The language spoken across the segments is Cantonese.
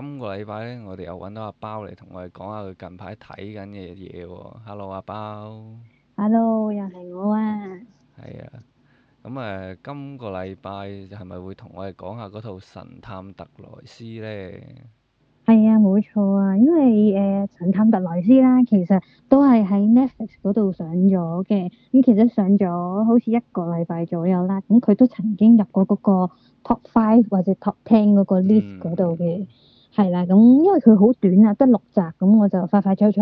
今個禮拜咧，我哋又揾到阿包嚟同我哋講下佢近排睇緊嘅嘢喎。Hello，阿包。Hello，又係我啊。係啊，咁、嗯、誒、嗯，今個禮拜係咪會同我哋講下嗰套《神探特萊絲》呢咧？係啊，冇錯啊，因為誒、呃《神探特萊絲》啦，其實都係喺 Netflix 嗰度上咗嘅。咁、嗯、其實上咗好似一個禮拜左右啦。咁佢都曾經入過嗰個 Top Five 或者 Top Ten 嗰個 list 嗰度嘅。嗯係啦，咁因為佢好短啊，得六集，咁、嗯、我就快快脆脆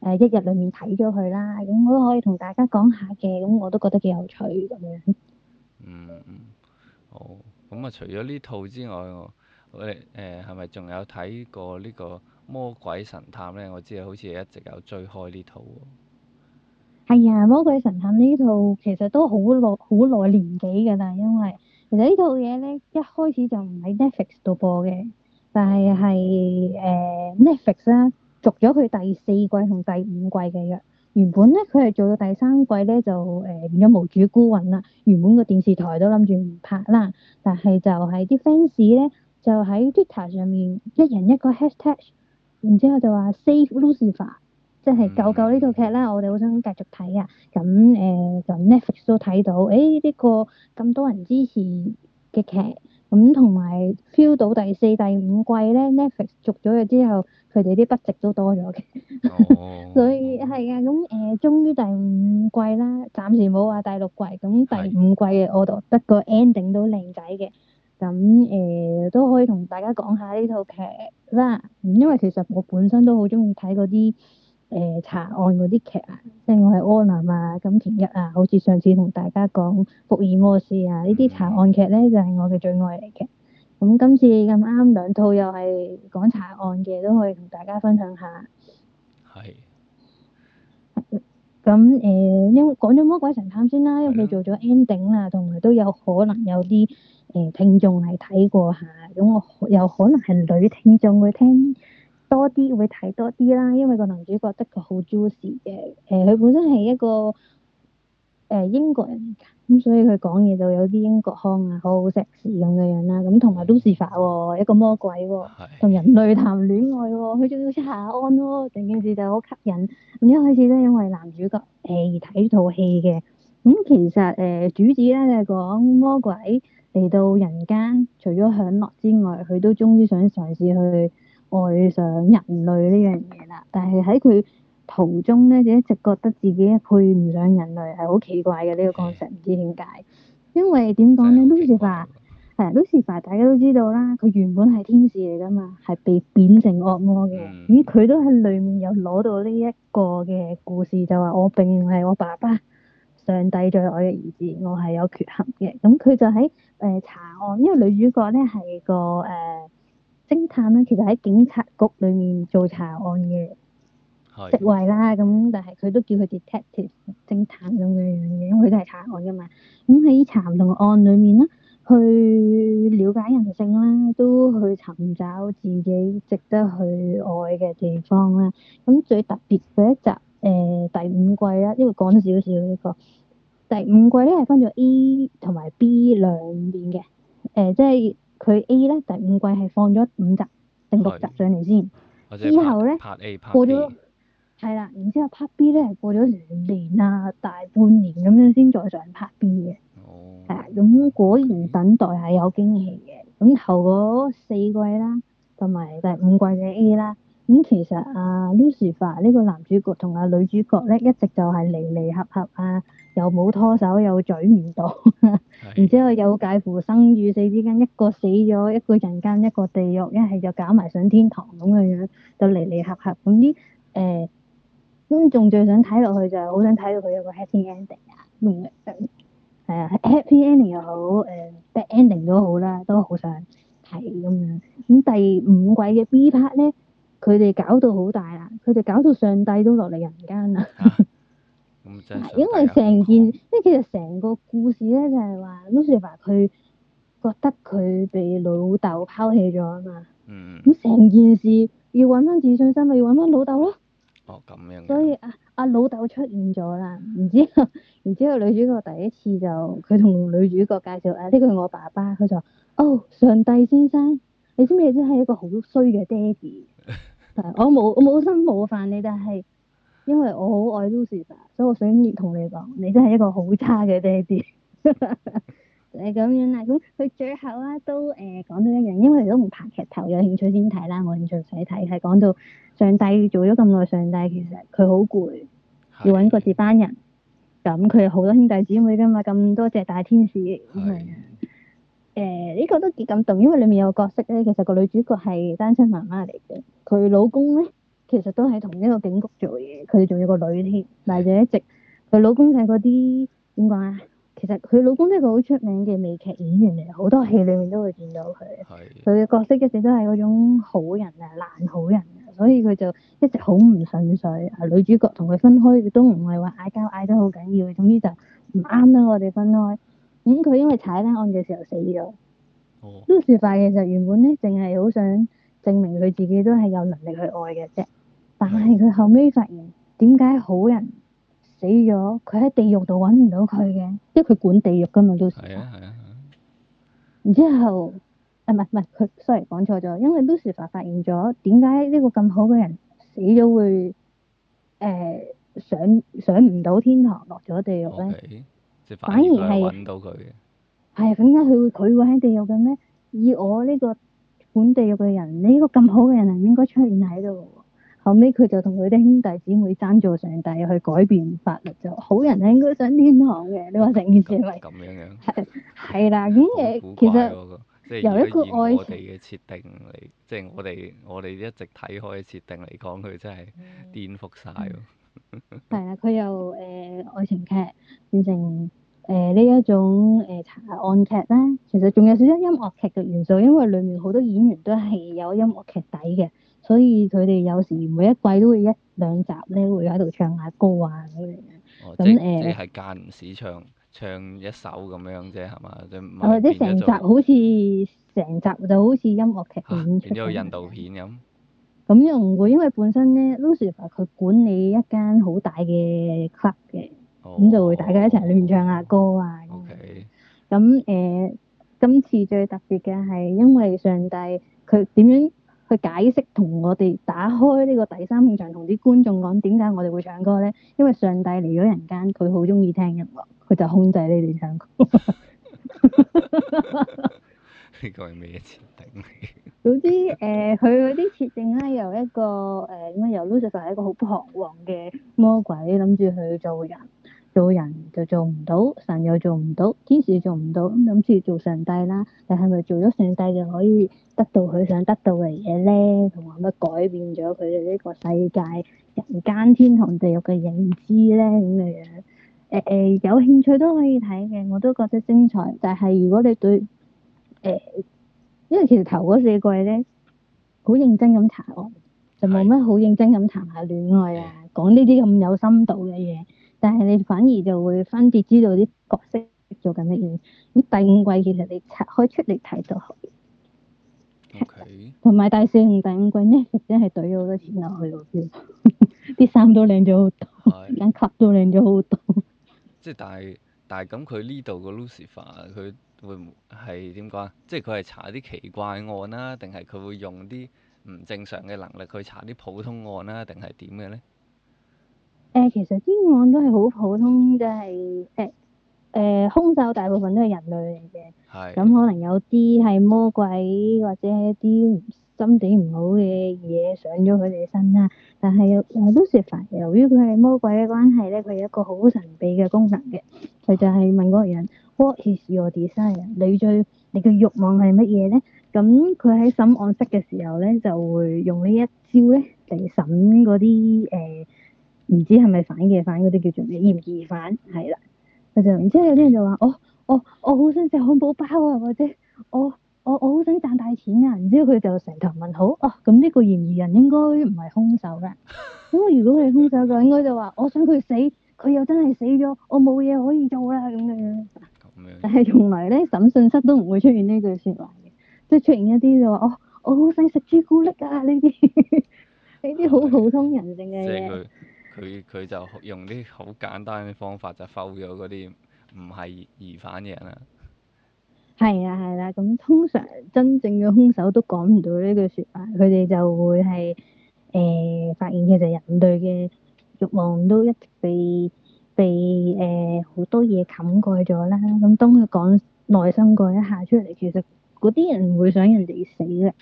誒，一日裏面睇咗佢啦，咁、嗯、我都可以同大家講下嘅，咁我都覺得幾有趣咁樣。嗯、哦。嗯，好，咁啊，除咗呢套之外，我，喂、呃，誒，係咪仲有睇過呢個《魔鬼神探》咧？我知係好似一直有追開呢套。係啊，《魔鬼神探》呢套其實都好耐、好耐年紀噶啦，因為其實套呢套嘢咧，一開始就唔喺 Netflix 度播嘅。但係係誒 Netflix 啦，續咗佢第四季同第五季嘅約。原本咧佢係做到第三季咧就誒、呃、變咗無主孤魂啦。原本個電視台都諗住唔拍啦，但係就係啲 fans 咧就喺 Twitter 上面一人一個 hashtag，然之後就話 Save Lucifer，即係救救呢套劇啦，嗯、我哋好想繼續睇啊。咁誒就、呃、Netflix 都睇到，誒呢、這個咁多人支持嘅劇。咁同埋 feel 到第四、第五季咧，Netflix 續咗佢之後，佢哋啲筆值都多咗嘅， oh. 所以係啊，咁誒終於第五季啦，暫時冇話第六季，咁第五季我度得個 ending 都靚仔嘅，咁誒、呃、都可以同大家講下呢套劇啦，因為其實我本身都好中意睇嗰啲。誒查案嗰啲劇啊，即係我係柯南啊、金田一啊，好似上次同大家講福爾摩斯啊，呢啲查案劇咧就係、是、我嘅最愛嚟嘅。咁、嗯、今次咁啱兩套又係講查案嘅，都可以同大家分享下。係是。咁誒、嗯，因為講咗《講魔鬼神探》先啦，因為佢做咗 ending 啦，同埋都有可能有啲誒、呃、聽眾係睇過下，咁、嗯、我有可能係女聽眾會聽。多啲會睇多啲啦，因為個男主角得佢好 juicy 嘅，誒、呃、佢本身係一個誒、呃、英國人咁、嗯、所以佢講嘢就有啲英國腔啊，好好 sexy 咁嘅樣啦、啊，咁同埋都是法喎、哦，一個魔鬼喎、哦，同人類談戀愛喎、哦，佢仲要出下案喎、哦，整件事就好吸引。咁、嗯、一開始咧，因為男主角誒睇套戲嘅，咁、嗯、其實誒、呃、主旨咧就係、是、講魔鬼嚟到人間，除咗享樂之外，佢都終於想嘗試去愛上人類呢樣嘢啦，但係喺佢途中咧，一直覺得自己配唔上人類，係好奇怪嘅呢、這個過程，唔知點解。因為點講咧 ，Lucifer 係、 yeah, Lucifer，大家都知道啦，佢原本係天使嚟噶嘛，係被貶成惡魔嘅。咁佢 都喺裏面有攞到呢一個嘅故事，就話我並唔係我爸爸上帝最愛嘅兒子，我係有缺陷嘅。咁佢就喺誒、呃、查案，因為女主角咧係個誒。呃偵探咧，其實喺警察局裏面做查案嘅職位啦，咁的但係佢都叫佢 detective 偵探咁嘅樣嘅，因為佢都係查案嘅嘛。咁喺查唔同案裏面呢，去了解人性啦，都去尋找自己值得去愛嘅地方啦。咁最特別嘅一集，誒、呃、第五季啦，因為講少少呢、呢個第五季咧，係分咗 A 同埋 B 兩邊嘅，誒、呃、即係。佢 A 咧，第五季係放咗五集定六集上嚟先，之後咧拍 A 拍過咗係啦，然之後拍 B 咧係過咗兩年啊，大半年咁樣先再上拍 B 嘅，哦，係啊，咁果然等待係有驚喜嘅，咁頭嗰四季啦，同埋第五季嘅 A 啦。咁、嗯、其實啊，Lucifer 呢個男主角同啊女主角咧，一直就係離離合合啊，又冇拖手，又嘴唔到，然之後又介乎生與死之間，一個死咗，一個人間一個地獄，一係就搞埋上天堂咁嘅樣，就離離合合咁啲誒，咁仲、呃、最想睇落去就係、是、好想睇到佢有個 happy ending、嗯嗯、啊，係啊，happy ending 又好，誒、呃、bad ending 都好啦，都好想睇咁樣。咁、嗯嗯、第五季嘅 B part 咧。佢哋搞到好大啦！佢哋搞到上帝都落嚟人間啦。咁真係，因為成件即其實成個故事咧，就係話 Lucifer 佢覺得佢被老豆拋棄咗啊嘛。嗯。咁成件事要揾翻自信心，咪要揾翻老豆咯。哦，咁樣、啊。所以阿、啊、阿、啊、老豆出現咗啦，然之後，然之後女主角第一次就佢同女主角介紹啊，呢、這個係我爸爸。佢就話：哦，上帝先生，你知唔知？真係一個好衰嘅爹哋。我冇我冇心冇煩你，但係因為我好愛 Lucy 所以我想同你講，你真係一個好差嘅爹哋， 就係咁樣啦。咁佢最後啊都誒講、呃、到一樣，因為如果唔拍劇頭有興趣先睇啦，我興趣唔使睇。係講到上帝做咗咁耐，上帝其實佢好攰，要搵個接班人。咁佢好多兄弟姊妹噶嘛，咁多隻大天使咁啊。的誒，呢、呃這個都幾感動，因為裏面有個角色咧，其實個女主角係單親媽媽嚟嘅，佢老公咧其實都係同一個警局做嘢，佢仲有個女添，但係就一直，佢老公就係嗰啲點講啊，其實佢老公都係個好出名嘅美劇演員嚟，好多戲裏面都會見到佢。係的。佢嘅角色一直都係嗰種好人啊，爛好人啊，所以佢就一直好唔順水。啊，女主角同佢分開，亦都唔係話嗌交嗌得好緊要，總之就唔啱啦，我哋分開。咁佢、嗯、因為踩單案嘅時候死咗，oh，Lucifer 其實原本咧淨係好想證明佢自己都係有能力去愛嘅啫，但係佢後尾發現點解好人死咗，佢喺地獄度揾唔到佢嘅，即係佢管地獄噶嘛，Lucifer。係啊係啊係啊，然之後，啊唔係唔係，佢 sorry 講錯咗，因為 Lucifer 發現咗點解呢個咁好嘅人死咗會誒上上唔到天堂，落咗地獄咧。Okay. 反而係揾到佢嘅，係啊，咁點解佢會佢喺地獄嘅咩？以我呢個本地獄嘅人，你、這、呢個咁好嘅人啊，應該出現喺度。後尾，佢就同佢啲兄弟姊妹爭做上帝，去改變法律就好人啊，應該上天堂嘅。你話成件事咪咁樣樣？係係啦，咁嘢其實即係由一個愛我哋嘅設定嚟，即係我哋我哋一直睇開嘅設定嚟講，佢真係顛覆曬。嗯係啊，佢又誒愛情劇變成誒呢、呃、一種誒、呃、查案劇啦。其實仲有少少音樂劇嘅元素，因為裏面好多演員都係有音樂劇底嘅，所以佢哋有時每一季都會一兩集咧會喺度唱下歌啊。咁誒、哦，那即係間唔時唱唱一首咁樣啫，係嘛？或者成集好似成集就好似音樂劇印度片咁。咁又唔會，因為本身咧 Lucifer 佢管理一間好大嘅 club 嘅，咁，oh，就會大家一齊裏面唱下歌啊。OK，咁誒，今次最特別嘅係因為上帝佢點樣去解釋同我哋打開呢個第三幕場，同啲觀眾講點解我哋會唱歌咧？因為上帝嚟咗人間，佢好中意聽音樂，佢就控制你哋唱歌。 呢個係咩設定？總 之，誒、呃，佢嗰啲設定咧，由一個誒，咁、呃、啊，由 Lucifer 係一個好彷徨嘅魔鬼，諗住去做人，做人就做唔到，神又做唔到，天使做唔到，咁諗住做上帝啦。但係咪做咗上帝就可以得到佢想得到嘅嘢咧？同話乜改變咗佢哋呢個世界人間、天堂、地獄嘅認知咧？咁樣，誒、呃、誒、呃，有興趣都可以睇嘅，我都覺得精彩。但係如果你對，誒，因為其實頭嗰四季咧，好認真咁談，就冇乜好認真咁談下戀愛啊，講呢啲咁有深度嘅嘢。但係你反而就會分別知道啲角色做緊乜嘢。咁第五季其實你拆開出嚟睇就好，同埋第四同第五季呢，真係懟咗好多錢落去，我啲衫都靚咗好多，間 cut 的 都靚咗好多。即係但係但係咁佢呢度個 Lucifer 佢。會唔係點講啊？即係佢係查啲奇怪案啦，定係佢會用啲唔正常嘅能力去查啲普通案啦，定係點嘅咧？誒，其實啲案都係好普通，即係誒誒，兇手大部分都係人類嚟嘅。係。咁可能有啲係魔鬼或者係一啲心地唔好嘅嘢上咗佢哋身啦。但係 Lucifer，由於佢係魔鬼嘅關係咧，佢有一個好神秘嘅功能嘅。佢就係問嗰個人。What is your desire？你最你嘅欲望係乜嘢咧？咁佢喺審案室嘅時候咧，就會用呢一招咧嚟審嗰啲誒，唔、呃、知係咪反嘅反嗰啲叫做咩？嫌疑犯係啦。佢就然之後有啲人就話、哦，我我我好想食漢堡包啊！或者我我我好想賺大錢啊！然之後佢就成頭問號。哦，咁呢個嫌疑人應該唔係兇手㗎。咁如果佢係兇手應該就應該就話：我想佢死，佢又真係死咗，我冇嘢可以做啦咁嘅樣。但係從來咧審訊室都唔會出現呢句說話嘅，即係出現一啲就話哦，我好想食朱古力啊呢啲，呢啲好普通人性嘅嘢。即係佢佢就用啲好簡單嘅方法就否咗嗰啲唔係疑犯嘅人啦。係啦係啦，咁、啊啊、通常真正嘅兇手都講唔到呢句說話，佢哋就會係誒、呃、發現其實人類嘅欲望都一直被。被誒、好、呃、多嘢冚蓋咗啦，咁當佢講內心嗰一下出嚟，其實嗰啲人唔會想人哋死嘅，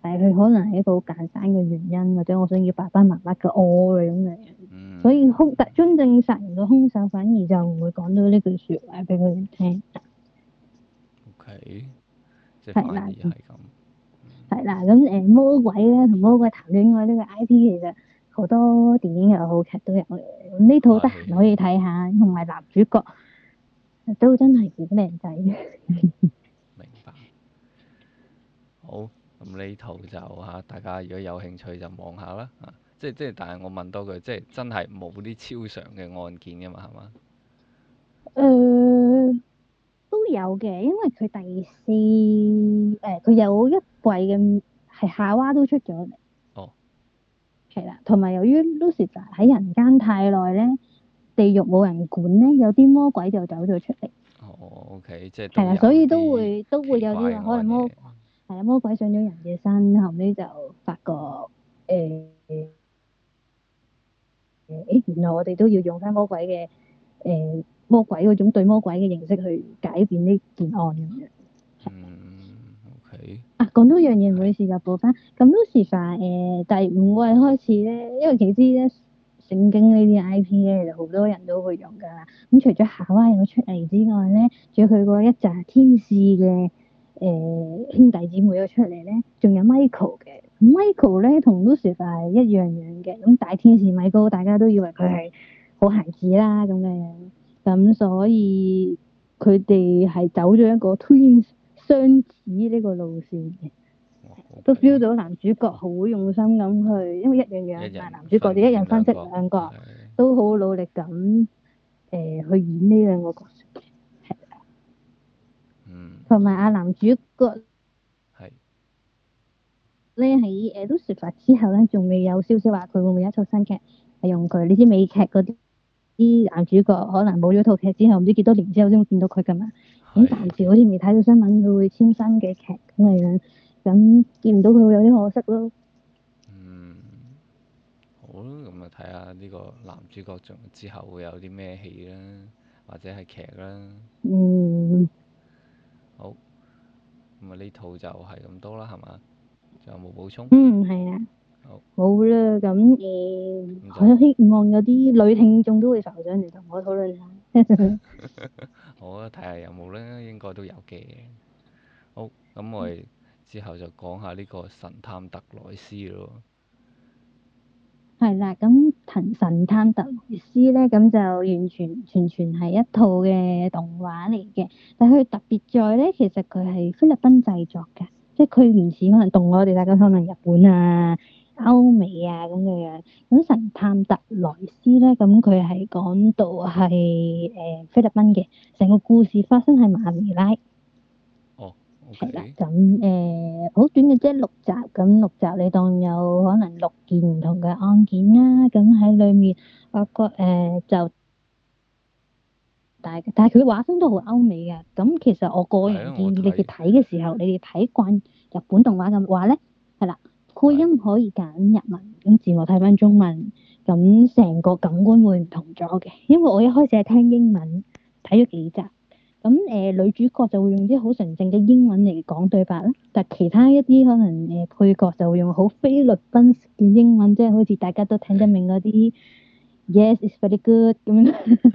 但係佢可能係一個好簡單嘅原因，或者我想要爸爸媽媽嘅愛咁樣。嗯、所以兇真、嗯、正殺人嘅兇手反而就唔會講到呢句説話俾佢哋聽。O、okay, K。係啦。係咁。係啦，咁誒魔鬼咧同魔鬼談戀愛呢個 IP 其實。好多電影又好劇都有嘅，咁呢套得閒可以睇下，同埋、啊啊、男主角都真係幾靚仔。 明白，好，咁呢套就吓大家，如果有興趣就望下啦、啊。即係即係，但係我問多句，即係真係冇啲超常嘅案件噶嘛，係嘛？誒、呃，都有嘅，因為佢第四誒，佢、呃、有一季嘅係夏娃都出咗。係啦，同埋由於 Lucy 喺人間太耐咧，地獄冇人管咧，有啲魔鬼就走咗出嚟。哦，OK，即係係啊，所以都會都會有啲可能魔係啊，魔鬼上咗人嘅身，後尾就發覺誒誒，原來我哋都要用翻魔鬼嘅誒、欸、魔鬼嗰種對魔鬼嘅形式去解決呢件案咁樣。啊，講多樣嘢 l u i 就補翻。咁 Lucifer 誒、呃、第五季開始咧，因為其實咧聖經 IP 呢啲 I P 咧就好多人都會用㗎啦。咁、嗯、除咗夏娃有出嚟之外咧，仲有佢個一紮天使嘅誒、呃、兄弟姊妹個出嚟咧，仲有 Michael 嘅。Michael 咧同 Lucifer 係一樣樣嘅，咁、嗯、大天使米高大家都以為佢係好孩子啦咁嘅樣，咁的所以佢哋係走咗一個 twins。相似呢個路線都 feel 到男主角好用心咁去，因為一樣樣，但係男主角就一人分飾兩個，兩國的都好努力咁誒、呃、去演呢兩個角色。嗯。同埋阿男主角係，咧喺誒都説法之後咧，仲未有消息話佢會唔會一套新劇係用佢？呢啲美劇嗰啲。啲男主角可能冇咗套劇之後，唔知幾多年之後先會見到佢㗎嘛，咁暫時好似未睇到新聞，佢會簽新嘅劇咁樣，咁見唔到佢會有啲可惜咯。嗯，好啦，咁啊睇下呢個男主角仲之後會有啲咩戲啦，或者係劇啦。嗯。好。咁啊呢套就係咁多啦，係嘛？仲有冇補充？嗯，係啊。好啦，咁誒，嗯、我希望有啲女聽眾都會浮上嚟同我討論下。 好啊，睇下有冇咧，應該都有嘅。好，咁我哋之後就講下呢個神探特萊斯咯。係啦，咁《神探特萊斯呢》咧，咁就完全全全係一套嘅動畫嚟嘅。但佢特別在咧，其實佢係菲律賓製作嘅，即係佢原始可能動我哋大家可能日本啊。歐美啊咁嘅樣，咁《神探特萊斯》咧，咁佢係講到係誒菲律賓嘅，成個故事發生喺馬尼拉。哦。係啦，咁誒，好短嘅啫，六集，咁六集你當有可能六件唔同嘅案件啦，咁喺裏面個個誒就大，但係佢畫風都好歐美嘅，咁其實我個人建議你哋睇嘅時候，你哋睇慣日本動畫嘅話咧，係啦。配音可以揀日文，咁字幕睇返中文，咁成個感官會唔同咗嘅。因為我一開始係聽英文，睇咗幾集，咁誒、呃、女主角就會用啲好純正嘅英文嚟講對白啦。但係其他一啲可能誒配角就會用好菲律賓式嘅英文，即係好似大家都聽得明嗰啲。 Yes, it's very good 咁樣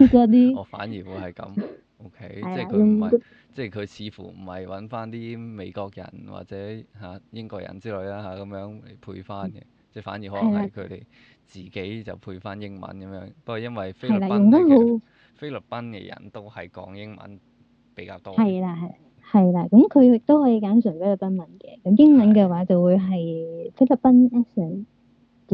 嗰啲。我反而會係咁。 O.K. 的即係佢唔係，嗯、即係佢似乎唔係揾翻啲美國人或者嚇、啊、英國人之類啦嚇咁樣嚟配翻嘅，即係反而可能係佢哋自己就配翻英文咁樣。不過的因為菲律賓菲律賓嘅人都係講英文比較多。係啦係啦係啦，咁佢亦都可以揀純菲律賓文嘅。咁英文嘅話就會係菲律賓 accent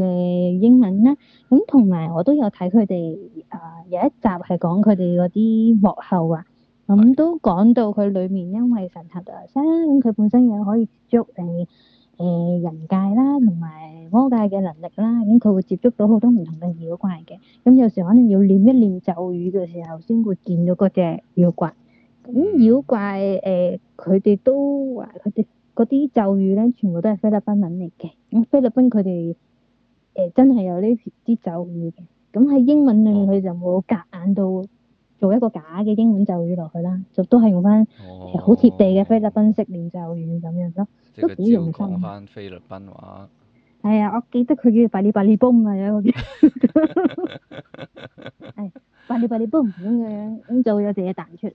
嘅英文啦，咁同埋我都有睇佢哋啊，有一集係講佢哋嗰啲幕後啊，咁、嗯、都講到佢裏面，因為神探大律咁佢本身又可以接觸誒誒人界啦，同埋魔界嘅能力啦，咁、嗯、佢會接觸到好多唔同嘅妖怪嘅，咁有時可能要念一念咒語嘅時候，先會見到嗰隻妖怪。咁妖怪誒，佢、呃、哋都話佢哋嗰啲咒語咧，全部都係菲律賓文嚟嘅，咁菲律賓佢哋。誒、欸、真係有呢啲咒語嘅，咁、嗯、喺英文裏面佢就冇夾硬到做一個假嘅英文咒語落去啦，就都係用翻好貼地嘅菲律賓式念咒語咁樣咯，哦、都幾用心。用翻菲律賓話。係、哎、啊，我記得佢叫百利百利崩啊，有個叫係百里百里崩咁嘅樣，咁就有有嘢彈出嚟。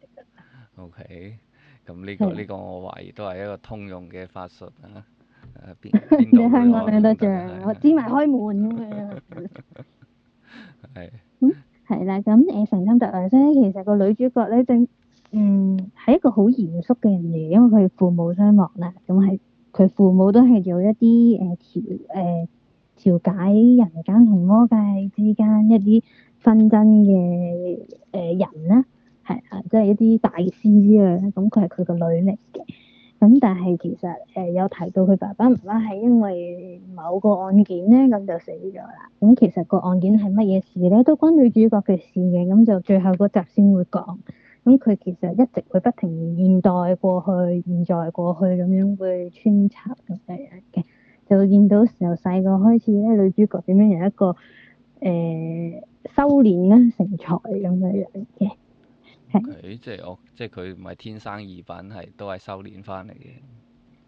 OK，咁呢個呢是個我懷疑都係一個通用嘅法術啊。喺邊？你香港靚多張，我芝麻開門咁樣。係。嗯，係啦，咁誒，靈探特萊絲。其實個女主角咧，正嗯係一個好嚴肅嘅人嚟，因為佢父母雙亡啦。咁係佢父母都係有一啲誒調誒調解人間同魔界之間一啲紛爭嘅誒人咧，係啊，即係一啲大師之類。咁佢係佢個女嚟嘅。咁但係其實誒、呃、有提到佢爸爸媽媽係因為某個案件咧，咁就死咗啦。咁其實個案件係乜嘢事咧，都關女主角嘅事嘅。咁就最後嗰集先會講。咁佢其實一直會不停現代過去、現在過去咁樣會穿插咁樣嘅，就見到時候細個開始咧，女主角點樣有一個誒、呃、修煉啦、成才咁樣樣嘅。係，okay, 即係我，即係佢唔係天生異品，係都係修煉翻嚟嘅。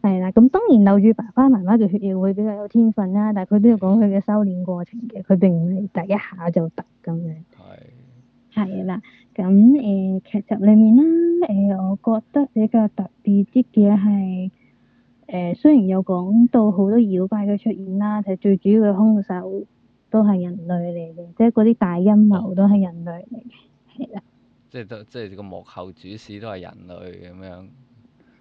係啦，咁當然流住爸爸媽媽嘅血液會比較有天分啦，但係佢都要講佢嘅修煉過程嘅，佢並唔係第一下就得咁樣。係。係啦，咁誒，劇集裏面啦，誒，我覺得比較特別啲嘅係，誒，雖然有講到好多妖怪嘅出現啦，但係最主要嘅凶手都係人類嚟嘅，即係嗰啲大陰謀都係人類嚟嘅，係啦。即係即係個幕後主使都係人類咁樣。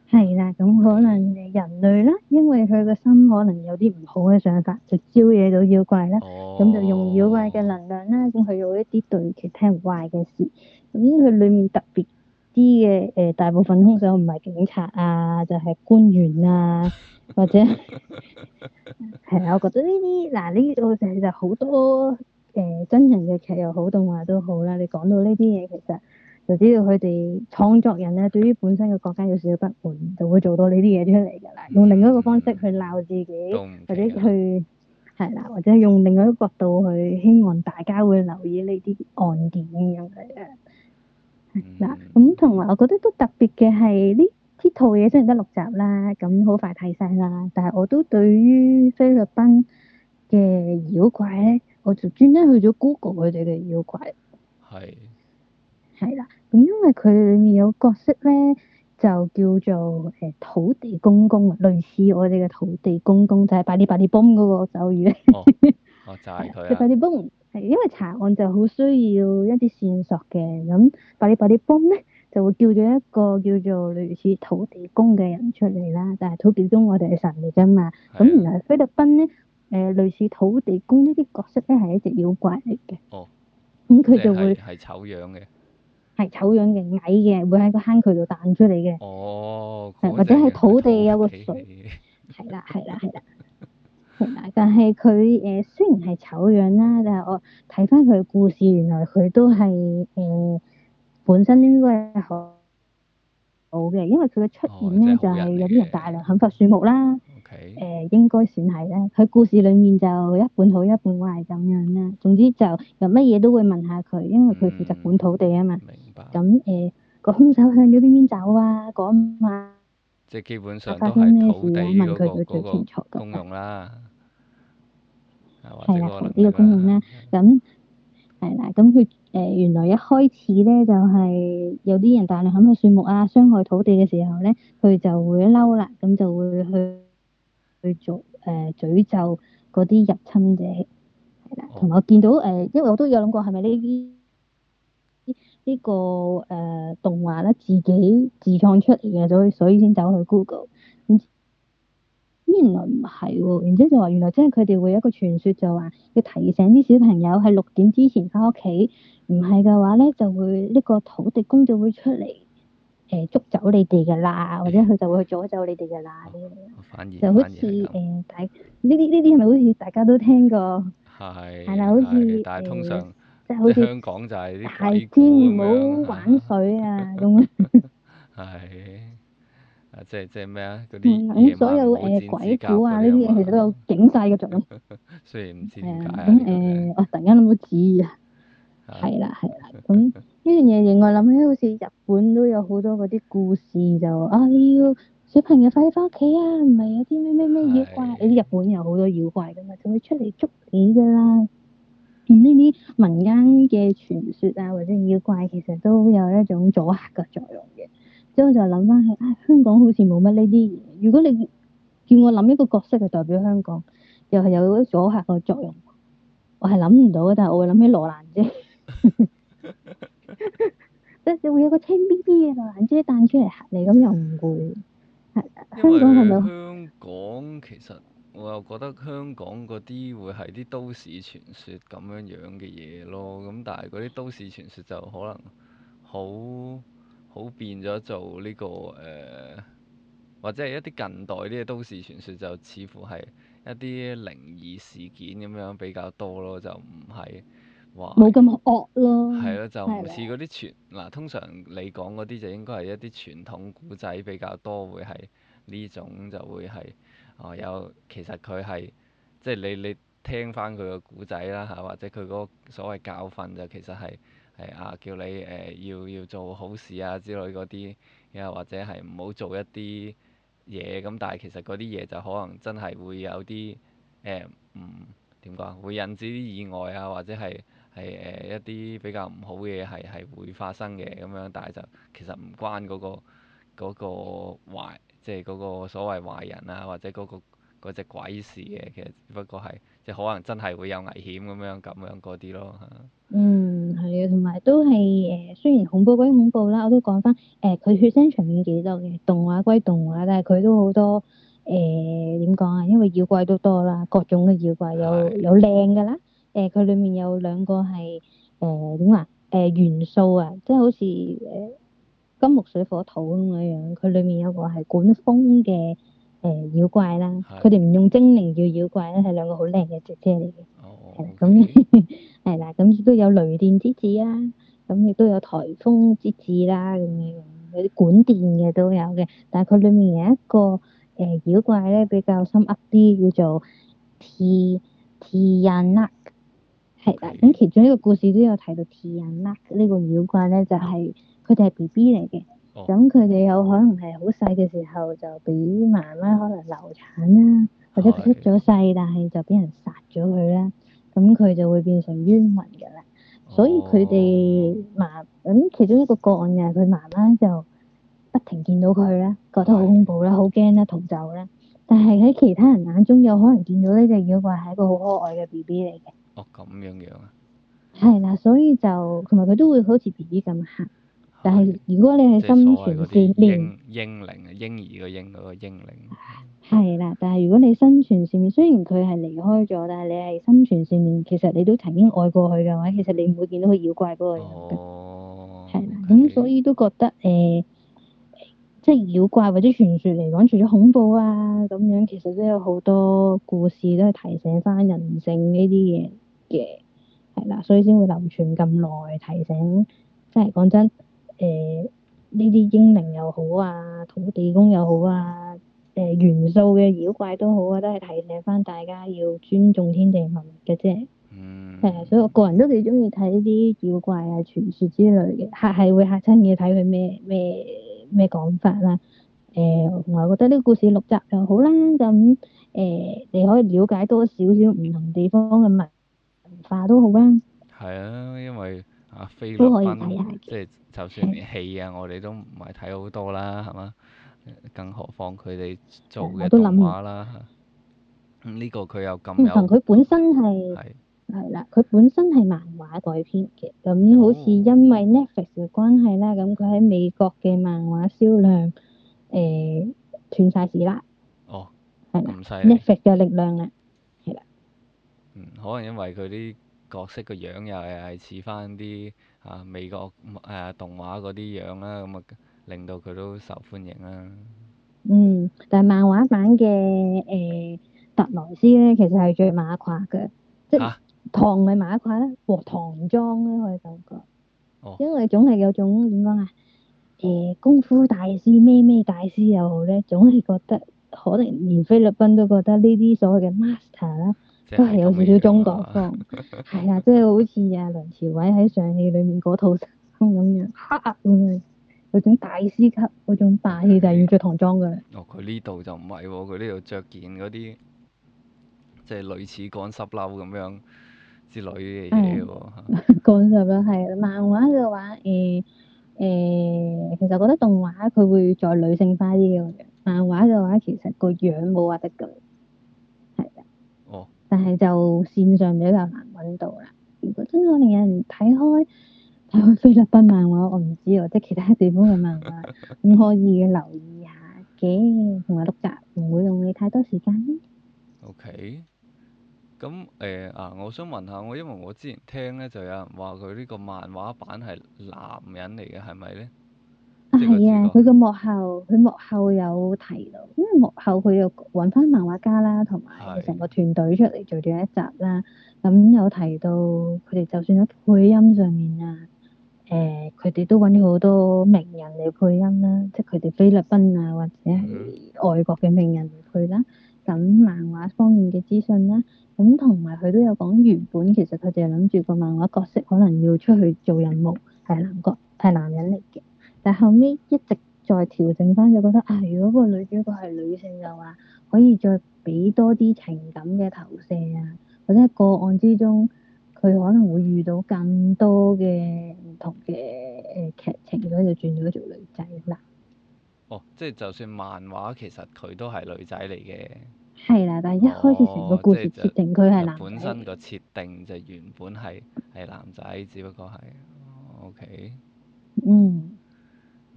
係啦，咁可能人類啦，因為佢個心可能有啲唔好嘅想法，就招惹到妖怪啦。咁、哦、就用妖怪嘅能量啦，咁去做一啲對其他人壞嘅事。咁佢裡面特別啲嘅誒，大部分兇手唔係警察啊，就係、是、官員啊， 或者係 啊，我覺得呢啲嗱呢度其實好多。誒、呃、真人嘅劇又好，動畫都好啦。你講到呢啲嘢，其實就知道佢哋創作人咧，對於本身嘅國家有少少不滿，就會做到呢啲嘢出嚟㗎啦。用另一個方式去鬧自己，嗯、或者去係啦，或者用另外一個角度去希望大家會留意呢啲案件。咁樣嘅。嗱，咁同埋我覺得都特別嘅係呢啲套嘢雖然得六集啦，咁好快睇晒啦，但係我都對於菲律賓嘅妖怪咧。我就專登去咗 Google 佢哋嘅妖怪，係係啦，咁因為佢裡面有角色咧，就叫做誒、欸、土地公公啊，類似我哋嘅土地公公就係拜你拜你 boom 嗰個咒語，我、哦哦、就係 b o o 因為查案就好需要一啲線索嘅，咁拜你拜你 b o 咧就會叫咗一個叫做類似土地公嘅人出嚟啦，但係土地公我哋係神嚟噶嘛，咁原來菲律賓咧。誒、呃，類似土地公呢啲角色咧，係一隻妖怪嚟嘅。哦。咁佢、嗯、就會係醜樣嘅。係醜樣嘅，矮嘅，會喺個坑渠度彈出嚟嘅。哦。或者係土地有個水。係啦土地，係 啦，係啦。但係佢誒，雖然係醜樣啦，但係我睇翻佢嘅故事，原來佢都係誒、呃，本身應該係好好嘅，因為佢嘅出現咧、哦，就係、是、有啲人大量砍伐樹木啦。誒、呃、應該算係啦，佢故事裡面就一半好一半壞咁樣啦。總之就有乜嘢都會問下佢，因為佢負責管土地啊嘛、嗯。明白。咁誒個兇手向咗邊邊走啊？講啊。即係基本上佢係土地嗰、那個公用啦。係的啦，呢個公用啦。咁係啦，咁佢誒原來一開始咧就係、是、有啲人大量砍咗樹木啊，傷害土地嘅時候咧，佢就會嬲啦，咁就會去。去做誒詛咒嗰啲入侵者，係啦。同我見到誒、呃，因為我都有諗過是是，係咪呢啲呢個誒、呃、動畫咧自己自創出嚟嘅，所以所以先走去 Google。原來唔係喎，然之後就話原來真係佢哋會有一個傳說，就話要提醒啲小朋友係六點之前翻屋企，唔係嘅話咧就會呢、這個土地公就會出嚟。誒捉走你哋嘅啦，或者佢就會去阻咒你哋嘅啦。反而就好似誒大呢啲呢啲係咪好似大家都聽過？係係啊，好似但係通常即係好似香港就係啲大千唔好玩水啊咁啊。係啊，即係即係咩啊？嗰啲咁所有誒鬼故啊呢啲嘢其實都有警世嘅作用。雖然唔知點解啊，誒我突然間諗到主意啊。係啦係啦咁。呢樣嘢，令我諗起好似日本都有好多嗰啲故事就，啊你要小朋友快啲翻屋企啊，唔係有啲咩咩咩妖怪，你的日本有好多妖怪噶嘛，就會出嚟捉你噶啦。呢啲民間嘅傳說啊，或者妖怪其實都有一種阻嚇嘅作用嘅。之後就諗翻起，啊香港好似冇乜呢啲。如果你叫我諗一個角色就代表香港，又係有阻嚇嘅作用，我係諗唔到，但係我會諗起羅蘭啫。有時會有個青 B B 嘅眼睛彈出嚟嚇你，咁又唔攰。係香港係咪？香港 其實我又覺得香港嗰啲會係啲都市傳說咁樣樣嘅嘢咯。咁但係嗰啲都市傳說就可能好好變咗做呢、呢個誒、呃，或者係一啲近代啲嘅都市傳說，就似乎係一啲靈異事件咁樣比較多咯，就唔係。冇咁哇惡咯，係咯，就唔似嗰啲傳嗱，通常你講嗰啲就應該係一啲傳統古仔比較多，會係呢種就會係哦，有其實佢係即係你你聽翻佢個古仔啦吓，或者佢嗰個所謂教訓就其實係係啊叫你誒、呃、要要做好事啊之類嗰啲，又或者係唔好做一啲嘢咁，但係其實嗰啲嘢就可能真係會有啲誒唔點講啊，會引致啲意外啊或者係。係誒、呃、一啲比較唔好嘅嘢係係會發生嘅咁樣，但係就其實唔關嗰、嗰個嗰、嗰個、壞，即係嗰個所謂壞人啊，或者嗰、嗰個隻、嗰個、鬼事嘅、啊，其實只不過係即係可能真係會有危險咁樣咁樣嗰啲咯。嗯，係啊，同埋都係誒、呃，雖然恐怖歸恐怖啦，我都講翻誒，佢、呃、血腥場面幾多嘅動畫歸動畫，但係佢都好多誒點講啊，因為妖怪都多啦，各種嘅妖怪有有靚㗎啦。誒，佢、呃、裏面有兩個係誒點話誒元素啊，即係好似誒金木水火土咁樣樣。佢裏面有個係管風嘅、誒、呃、妖怪啦，佢哋唔用精靈叫妖怪啦，係兩個好靚嘅姐姐嚟嘅。哦。咁係啦，咁亦都有雷電之子啦，咁、嗯、亦、嗯嗯嗯嗯、都有颱風之子啦、啊，咁樣有啲管電嘅都有嘅。但係佢裏面有一個誒、呃、妖怪咧，比較深，深刻啲，叫做 T-Tiana 係啦，咁其中一個故事都有提到 Tiyanak 呢個妖怪咧，就係佢哋係 B B 嚟嘅。咁佢哋有可能係好細嘅時候就俾媽媽可能流產啦，或者出咗世的，但係就俾人殺咗佢啦，咁佢就會變成冤魂㗎啦。哦、所以佢哋媽，咁其中一個個案就係佢媽媽就不停見到佢啦，覺得好恐怖啦，好驚啦，逃走啦。但係喺其他人眼中，有可能見到呢隻妖怪係一個好可愛嘅 B B 嚟嘅。咁、哦、樣樣啊，係啦， 所以就同埋佢都會好似 B B 咁黑，但係如果你係心存善念，嬰靈嬰兒個嬰個嬰靈，係啦，但係如果你心存善念，雖然佢係離開咗，但係你係心存善念，其實你都曾經愛過佢嘅話，其實你唔會見到佢妖怪嗰個樣嘅，係啦，咁所以都覺得誒、呃，即係妖怪或者傳說嚟講，除咗恐怖啊咁樣，其實都有好多故事都係提醒翻人性呢啲嘢。嘅係啦，所以先會流傳咁耐。提醒即係講真，真，誒呢啲英靈又好啊，土地公又好啊，誒、呃、元素嘅妖怪都好啊，都係提醒翻大家要尊重天地萬物嘅啫。嗯，係啊，所以我個人都幾中意睇呢啲妖怪啊、傳說之類嘅吓，係會嚇親嘅，睇佢咩咩咩講法啦。誒、э，同埋我覺得呢個故事六集又好啦，咁誒你可以了解多少少唔同地方嘅物化都好啦、啊，係啊，因為啊，菲律賓都可以睇下，即係就算戲啊，的我哋都唔係睇好多啦，係嘛？更何況佢哋做嘅動畫啦，咁呢個佢又咁唔同，佢本身係係啦，佢的本身係漫畫改編嘅，咁好似因為 Netflix 嘅關係啦，咁佢喺美國嘅漫畫銷量誒、呃、斷晒市啦。哦，咁犀利，Netflix 嘅力量啊！可能因為佢啲角色個樣又又係似翻啲啊美國誒、啊、動畫嗰啲樣啦，咁啊令到佢都受歡迎啦。嗯，但係漫畫版嘅誒、欸、特萊斯咧，其實係最馬胯嘅，即係、啊、唐咪馬胯啦，和、哦、唐裝咧可以講，哦、因為總係有種點講啊？誒、欸、功夫大師咩咩大師又好咧，總係覺得可能連菲律賓都覺得呢啲所謂嘅 master 啦。都係有少少中國風，係啊，即係好似阿梁朝偉喺上戲裏面嗰套衫咁樣黑咁樣，有種大師級嗰種霸氣就係要着唐裝噶。哦，佢呢度就唔係、哦，佢呢度着件嗰啲即係類似乾濕褸咁樣之類嘅嘢，哦。乾濕褸係漫畫嘅話，誒、嗯、誒，其實覺得動畫佢會再女性化啲嘅。漫畫嘅話，其實個樣冇畫得咁。但係就線上比較難揾到啦。如果真係有人睇開睇開菲律賓漫畫，我唔知喎，即係其他地方嘅漫畫，咁 可以留意下嘅，同埋六集，唔會用你太多時間。OK，咁誒啊，我想問下我，因為我之前聽咧就有人話佢呢個漫畫版係男人嚟嘅，係咪咧？啊係啊，佢個、啊、幕後佢幕後有提到，因為幕後佢又搵返漫畫家啦，同埋成個團隊出嚟做咗一集啦。咁的有提到佢哋就算喺配音上面啊，誒佢哋都搵咗好多名人嚟配音啦，即係佢哋菲律賓啊或者係外國嘅名人嚟配啦。咁、嗯、漫畫方面嘅資訊啦，咁同埋佢都有講原本其實佢哋係諗住個漫畫角色可能要出去做任務，係男角係男人嚟嘅。但後尾一直再調整返，就覺得啊，如果個女主角係女性嘅話，可以再俾多啲情感嘅投射啊，或者個案之中佢可能會遇到更多嘅唔同嘅誒、呃、劇情，所以就轉咗做女仔啦。哦，即、就、係、是、就算漫畫，其實佢都係女仔嚟嘅。係啦，但係一開始成、哦、個故事設定佢係男仔。本身個設定就原本係係男仔，只不過係 O K。Okay、嗯。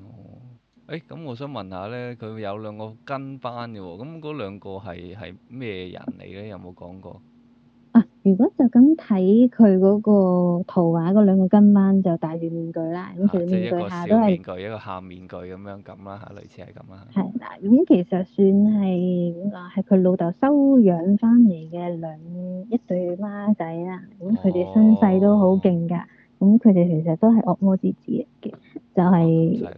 哦，誒，咁我想問下咧，佢有兩個跟班嘅，咁嗰兩個係係咩人嚟咧？有冇講過？啊，如果就咁睇佢嗰個圖畫，嗰兩個跟班就戴住面具啦，咁佢面具吓都係面具，一個喊面具咁樣咁啦吓，類似係咁啦。係嗱，咁其實算係點講？係佢老豆收養翻嚟嘅兩一對孖仔啦，咁佢哋身世都好勁噶。咁佢哋其實都係惡魔之子嚟嘅，就係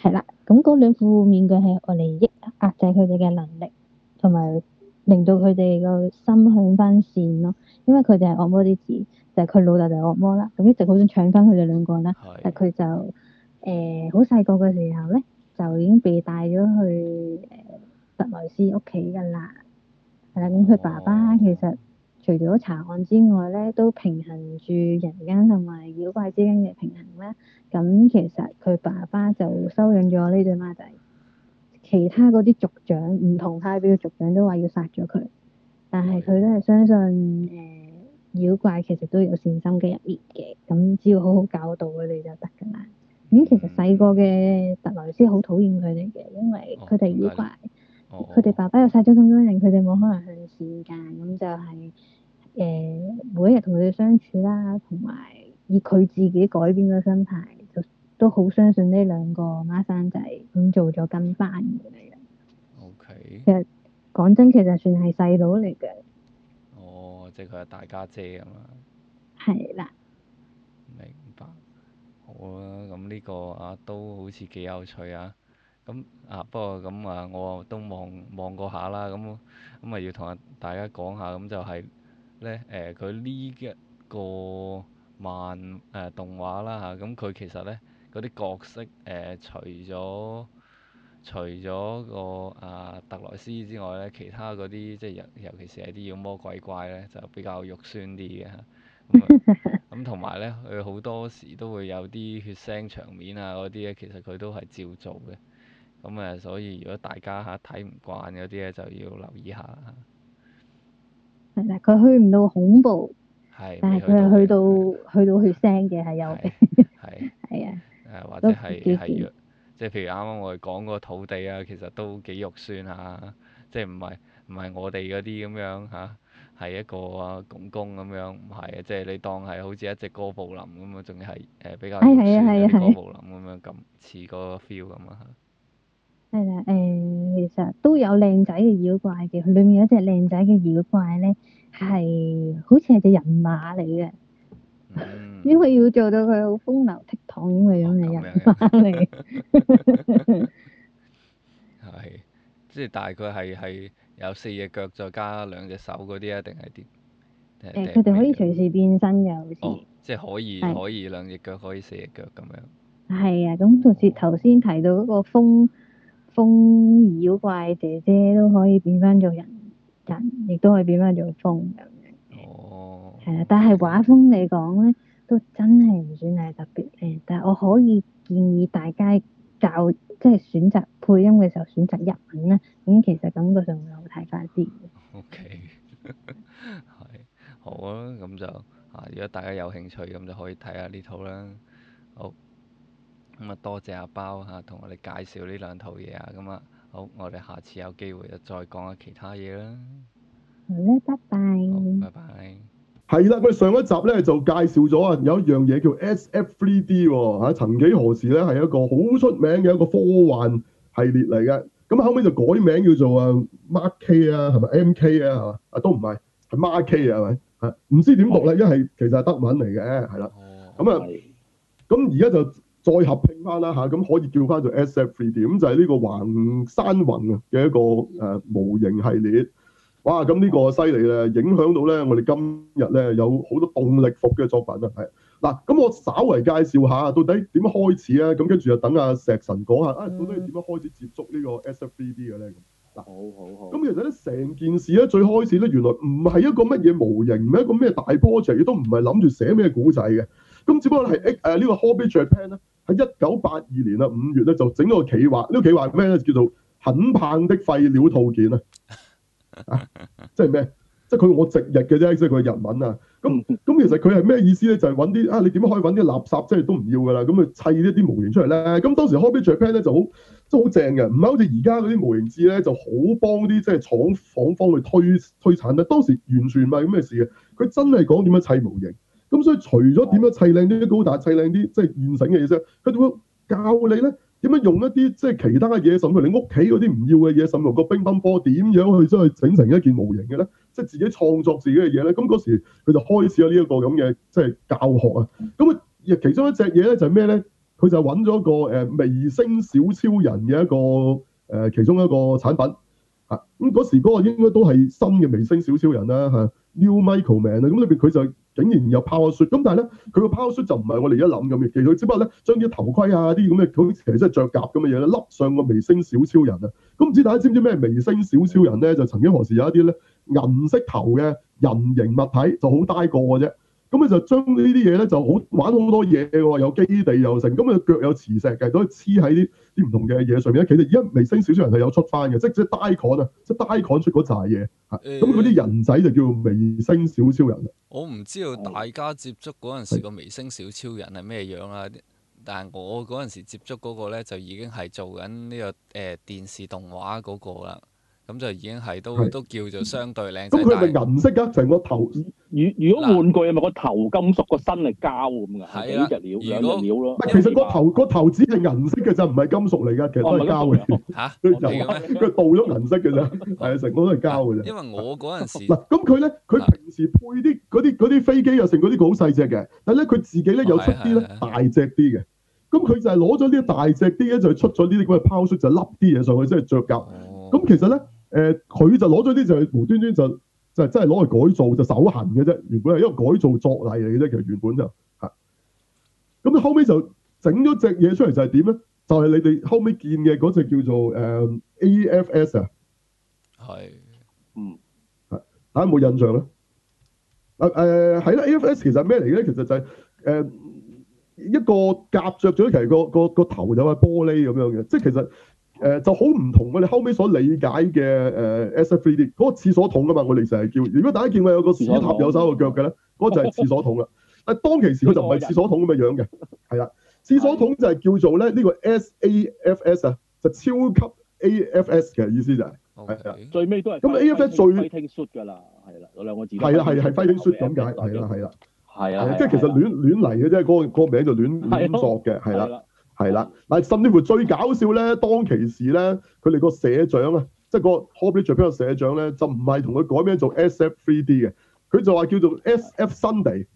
係啦。咁嗰兩副面具係我哋抑壓制佢哋嘅能力，同埋令到佢哋個心向翻善咯。因為佢哋係惡魔之子，就係佢老豆就係惡魔啦。咁一直好想搶翻佢哋兩個咧，的但佢就誒好細個嘅時候咧就已經被帶咗去、呃、特萊絲屋企噶啦。係啦，咁佢爸爸其實。哦除咗查案之外咧，都平衡住人間同埋妖怪之間嘅平衡咧。咁其實佢爸爸就收養咗呢對孖仔。其他嗰啲族長，唔同派別嘅族長都話要殺咗佢，但係佢都係相信誒、呃、妖怪其實都有善心嘅入面嘅。咁只要好好教導佢哋就得㗎啦。咁、嗯、其實細個嘅特萊絲好討厭佢哋嘅，因為佢哋妖怪。嗯佢哋爸爸又殺咗咁多人，佢哋冇可能向善㗎，咁就係、是、誒、呃、每一日同佢哋相處啦，同埋以佢自己改變個心態，就都好相信呢兩個孖生仔咁做咗跟班嘅。Okay. 其實講真，其實算係細佬嚟嘅。哦，oh, 即係佢係大家姐啊嘛。係啦。明白。好啦、啊，咁呢、這個啊都好似幾有趣啊！咁啊、嗯，不過咁啊、嗯，我都望望過下啦。咁咁啊，要同大家講下，咁、嗯、就係咧誒，佢、嗯、呢個漫誒動畫啦嚇，咁、嗯、佢其實呢嗰啲角色誒、嗯，除咗除咗個啊特萊絲之外呢，其他嗰啲即係尤尤其是係啲妖魔鬼怪呢，就比較肉酸啲嘅嚇。咁同埋呢，佢好多時都會有啲血腥場面啊，嗰啲咧，其實佢都係照做嘅。咁誒，所以如果大家嚇睇唔慣嗰啲咧，就要留意下。係啦，佢去唔到恐怖，係的，但係佢係去到去到，去到血腥嘅係有。係。係啊。誒的，或者係係即係譬如啱啱我哋講嗰個土地啊，其實都幾肉酸啊！即係唔係唔係我哋嗰啲咁樣嚇，係、啊、一個拱公咁樣，唔係啊！即、就、係、是、你當係好似一隻哥布林咁樣啊，仲要係誒比較肉酸嘅、哎、哥布林咁樣咁似個 feel 咁啊！ 係啦，誒、嗯，其實都有靚仔嘅妖怪嘅。裏面有一隻靚仔嘅妖怪咧，係好似係隻人馬嚟嘅，嗯、因為要做到佢好風流倜儻咁嘅樣嘅人馬嚟。係， 即係大概係係有四隻腳，再加兩隻手嗰啲啊？定係點？誒、嗯，佢哋可以隨時變身嘅，好似、哦，即係可以可以兩隻腳可以四隻腳咁樣。係啊，咁同時頭先提到嗰個風。 風妖怪姐姐都可以變翻做人，人亦都可以變翻做風咁樣嘅，係啦、哦。但係畫風嚟講咧，都真係唔算係特別靚。但係我可以建議大家教，即係選擇配音嘅時候選擇日文啦，咁、嗯、其實感覺上會 Okay, 好睇快啲。OK，好啊，咁就啊，如果大家有興趣，咁就可以睇下呢套啦。好。咁啊，多謝阿包嚇，同我哋介紹呢兩套嘢啊。咁啊，好，我哋下次有機會就再講下其他嘢啦。好咧吧，拜拜。拜拜。係啦，佢上一集咧就介紹咗啊，有一樣嘢叫 S.F. Three D 喎嚇，曾幾何時咧係一個好出名嘅一個科幻系列嚟嘅。咁、啊、後尾就改名叫做啊 Mark K, MK, K 啊，係咪 M.K. 啊，係嘛、嗯？啊都唔係，係 Mark 啊，係 咪？唔知點讀啦。一係其實係德文嚟嘅，係啦。咁啊，咁而家就，再合拼翻啦嚇，咁可以叫翻做 S.F.3D，咁就係呢個橫山宏嘅一個誒、呃、模型系列。哇，咁呢個犀利啦，影響到咧我哋今日咧有好多動力服嘅作品啊，係。嗱，咁我稍為介紹下，到下，下、嗯啊，到底點樣開始啊？咁跟住就等阿石神講下，啊到底點樣開始接觸個呢個 S.F.3D 嘅咧？嗱，好好好。咁其實咧，成件事咧，最開始咧，原來唔係一個乜嘢模型，唔係一個咩大 project，亦都唔係諗住寫咩古仔嘅。咁只不過係誒呢個 Hobby Japan 咧，喺一九八二年啦五月咧就整個企劃，呢、呢個企劃咩咧叫做《很棒的廢料套件》啊！即係咩？即係佢我直日嘅啫，即係佢日文啊！咁咁其實佢係咩意思咧？就係揾啲啊，你點樣可以揾啲垃圾即係都唔要㗎啦？咁啊砌呢啲模型出嚟咧。咁當時 Hobby Japan 咧就好都好正嘅，唔係好似而家嗰啲模型誌咧就好幫啲即係廠廠方去推推產啦。當時完全唔係咁嘅事嘅，佢真係講點樣砌模型。咁、嗯、所以除咗點樣砌靚啲高達、砌靚啲即係現成嘅嘢之外，佢仲會教你咧點樣用一啲即係其他嘅嘢，甚至你屋企嗰啲唔要嘅嘢，甚至乎個乒乓波點樣去即係整成一件模型嘅咧，即係自己創作自己嘅嘢咧。咁、嗯、嗰時佢就開始咗呢一個咁嘅即係教學啊。咁、嗯、啊，其中一隻嘢咧就係咩咧？佢就揾咗個誒、呃、微星小超人嘅一個誒、呃、其中一個產品嚇。咁、啊、嗰、嗯、時嗰個應該都係新嘅微星小超人啦嚇、啊、New Micro Man 啊。咁裏邊佢就～竟然又拋雪，咁但係咧，佢個拋雪就唔係我哋而家諗咁嘅。其實佢只不過咧，將啲頭盔啊啲咁嘅，好似其實着甲咁嘅嘢咧，笠上個微星小超人啊！咁唔知大家知唔知咩微星小超人咧？就曾經何時有一啲咧銀色頭嘅人形物體就好大個嘅啫。咁咧、嗯、就將呢啲嘢咧就好玩好多嘢喎，有基地又成，咁、嗯、啊腳有磁石嘅，都可以黐喺啲啲唔同嘅嘢上面。其實而家微星小超人係有出翻嘅，即係即係 Die Con 啊，即係 Die Con 出嗰扎嘢。咁嗰啲人仔就叫微星小超人。我唔知道大家接觸嗰陣時個微星小超人係咩樣啦、啊，的但係我嗰陣時接觸嗰個咧就已經係做緊呢、這個誒、呃、電視動畫嗰個啦。咁就已經係都都叫做相對靚。咁佢係咪銀色噶？成個頭，如如果換句話，咪個頭金屬，個身係膠咁嘅。係啊，鴛鴦咯。其實個頭個頭子係銀色嘅就唔係金屬嚟㗎，其實都係膠嘅。嚇？佢就佢倒咗銀色嘅啫。係啊，成個都係膠嘅啫。因為我嗰陣時嗱，咁佢咧，佢平時配啲嗰啲啲飛機又成嗰啲好細隻嘅，但係咧佢自己咧有出啲咧大隻啲嘅。咁佢就係攞咗呢個大隻啲咧，就出咗呢啲咁嘅拋出，就甩啲嘢上去即係着甲。咁其實咧。誒佢、呃、就攞咗啲就係無端端就就是、真係攞嚟改造就是、手痕嘅啫，原本係一個改造作例嚟嘅啫，其實原本就係、是。咁後尾就整咗隻嘢出嚟就係點咧？就係、是、你哋後尾見嘅嗰隻叫做誒、呃、A F S 啊是。係。嗯。大家有冇印象咯。啊誒係啦，A F S 其實咩嚟嘅咧？其實就係、是、誒、呃、一個夾着咗，其實、那個、那個、那個頭有係玻璃咁樣嘅，即係其實。誒就好唔同嘅，你後尾所理解嘅誒 S F 3 D 嗰個廁所桶啊嘛，我哋成日叫。如果大家見到有個屎塔有手有腳嘅咧，嗰就係廁所桶啦。但當其時佢就唔係廁所桶咁嘅樣嘅，係啦。廁所桶就係叫做咧呢個 S A F S 啊，就超級 A F S 嘅意思就係，係啦，最尾都係。咁 A F S 最 shoot 㗎啦，係啦，嗰兩個字。係啦係係 fighting shoot 咁解，係啦係啦。係啊，即係其實亂亂嚟嘅啫，嗰個個名就亂亂作嘅，係啦。係啦，嗱，但甚至乎最搞笑咧，當其時咧，佢哋個社長啊，即係個 Hobby Japan 社長咧，就唔係同佢改名做 SF3D 嘅，佢就話叫做 SF Sunday。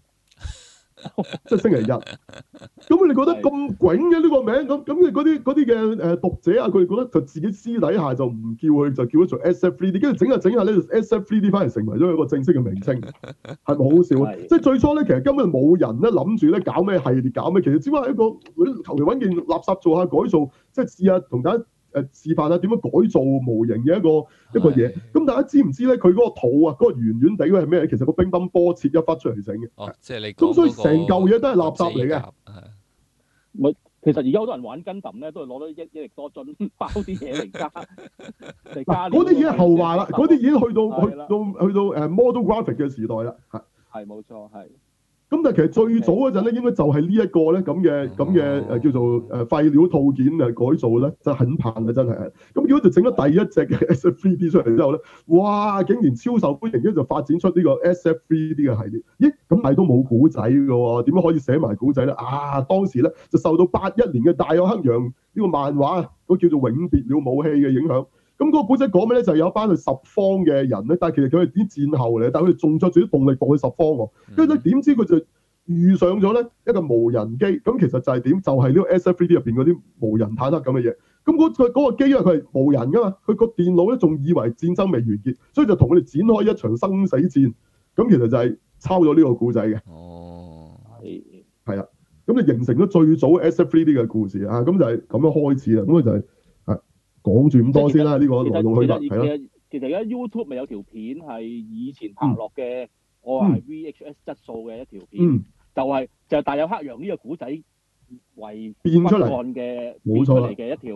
即係星期日，咁佢哋覺得咁囧嘅呢個名，咁咁嘅嗰啲啲嘅誒讀者啊，佢哋覺得佢自己私底下就唔叫佢，就叫咗做 S F Three D，跟住整下整下咧，S F Three D 反而成為咗一個正式嘅名稱，係咪好笑啊？ 即係最初咧，其實根本冇人咧諗住咧搞咩系列，搞咩，其實只不過係一個求其揾件垃圾做下改造，即係試下同大家。示範下點樣改造模型嘅一個一個嘢，咁的大家知唔知咧？佢嗰個肚啊，嗰、嗰個圓圓地嗰係咩？其實個乒乓波切一忽出嚟整嘅。咁、哦那個、所以成嚿嘢都係垃圾嚟嘅。唔其實而家好多人玩筋氹咧，都係攞多一一嚟多樽包啲嘢嚟加嚟加。嗰啲嘢後話啦，嗰啲嘢去到的去到去到誒 Model Graphic 嘅時代啦。係，係冇錯係。咁但係其實最早嗰陣咧，應該就係呢一個咧，咁嘅咁嘅誒叫做誒、呃、廢料套件誒改造咧，就很棒啊，真係。咁如果就整咗第一隻嘅 S.F.3.D 出嚟之後咧，哇！竟然超受歡迎，跟住就發展出呢個 S.F.3.D 嘅系列。咦？咁係都冇古仔嘅喎，點樣可以寫埋古仔咧？啊！當時咧就受到八一年嘅大友克洋呢個漫畫都叫做永別了武器嘅影響。咁嗰個古仔講咩咧？就係、是、有班佢十方嘅人咧，但係其實佢哋啲戰後嚟，但係佢哋仲著住啲動力服去十方喎。跟住咧，點知佢就遇上咗咧一個無人機。咁其實就係點？就係、是、呢個 S.F.3D 入邊嗰啲無人坦克咁嘅嘢。咁佢個嗰個機，因為佢係無人噶嘛，佢個電腦咧仲以為戰爭未完結，所以就同佢哋展開一場生死戰。咁其實就係抄咗呢個古仔嘅。哦、嗯，係係啊，咁就形成咗最早 S.F.3D 嘅故事啊！咁就係咁樣開始啦。咁就係、是。講住咁多先啦，呢個內容去啦，係其實而家 YouTube 咪有條片係以前拍落嘅，嗯、我話 VHS 質素嘅一條片，嗯、就係就係大有黑羊呢個古仔為骨幹嘅，冇錯嚟嘅一條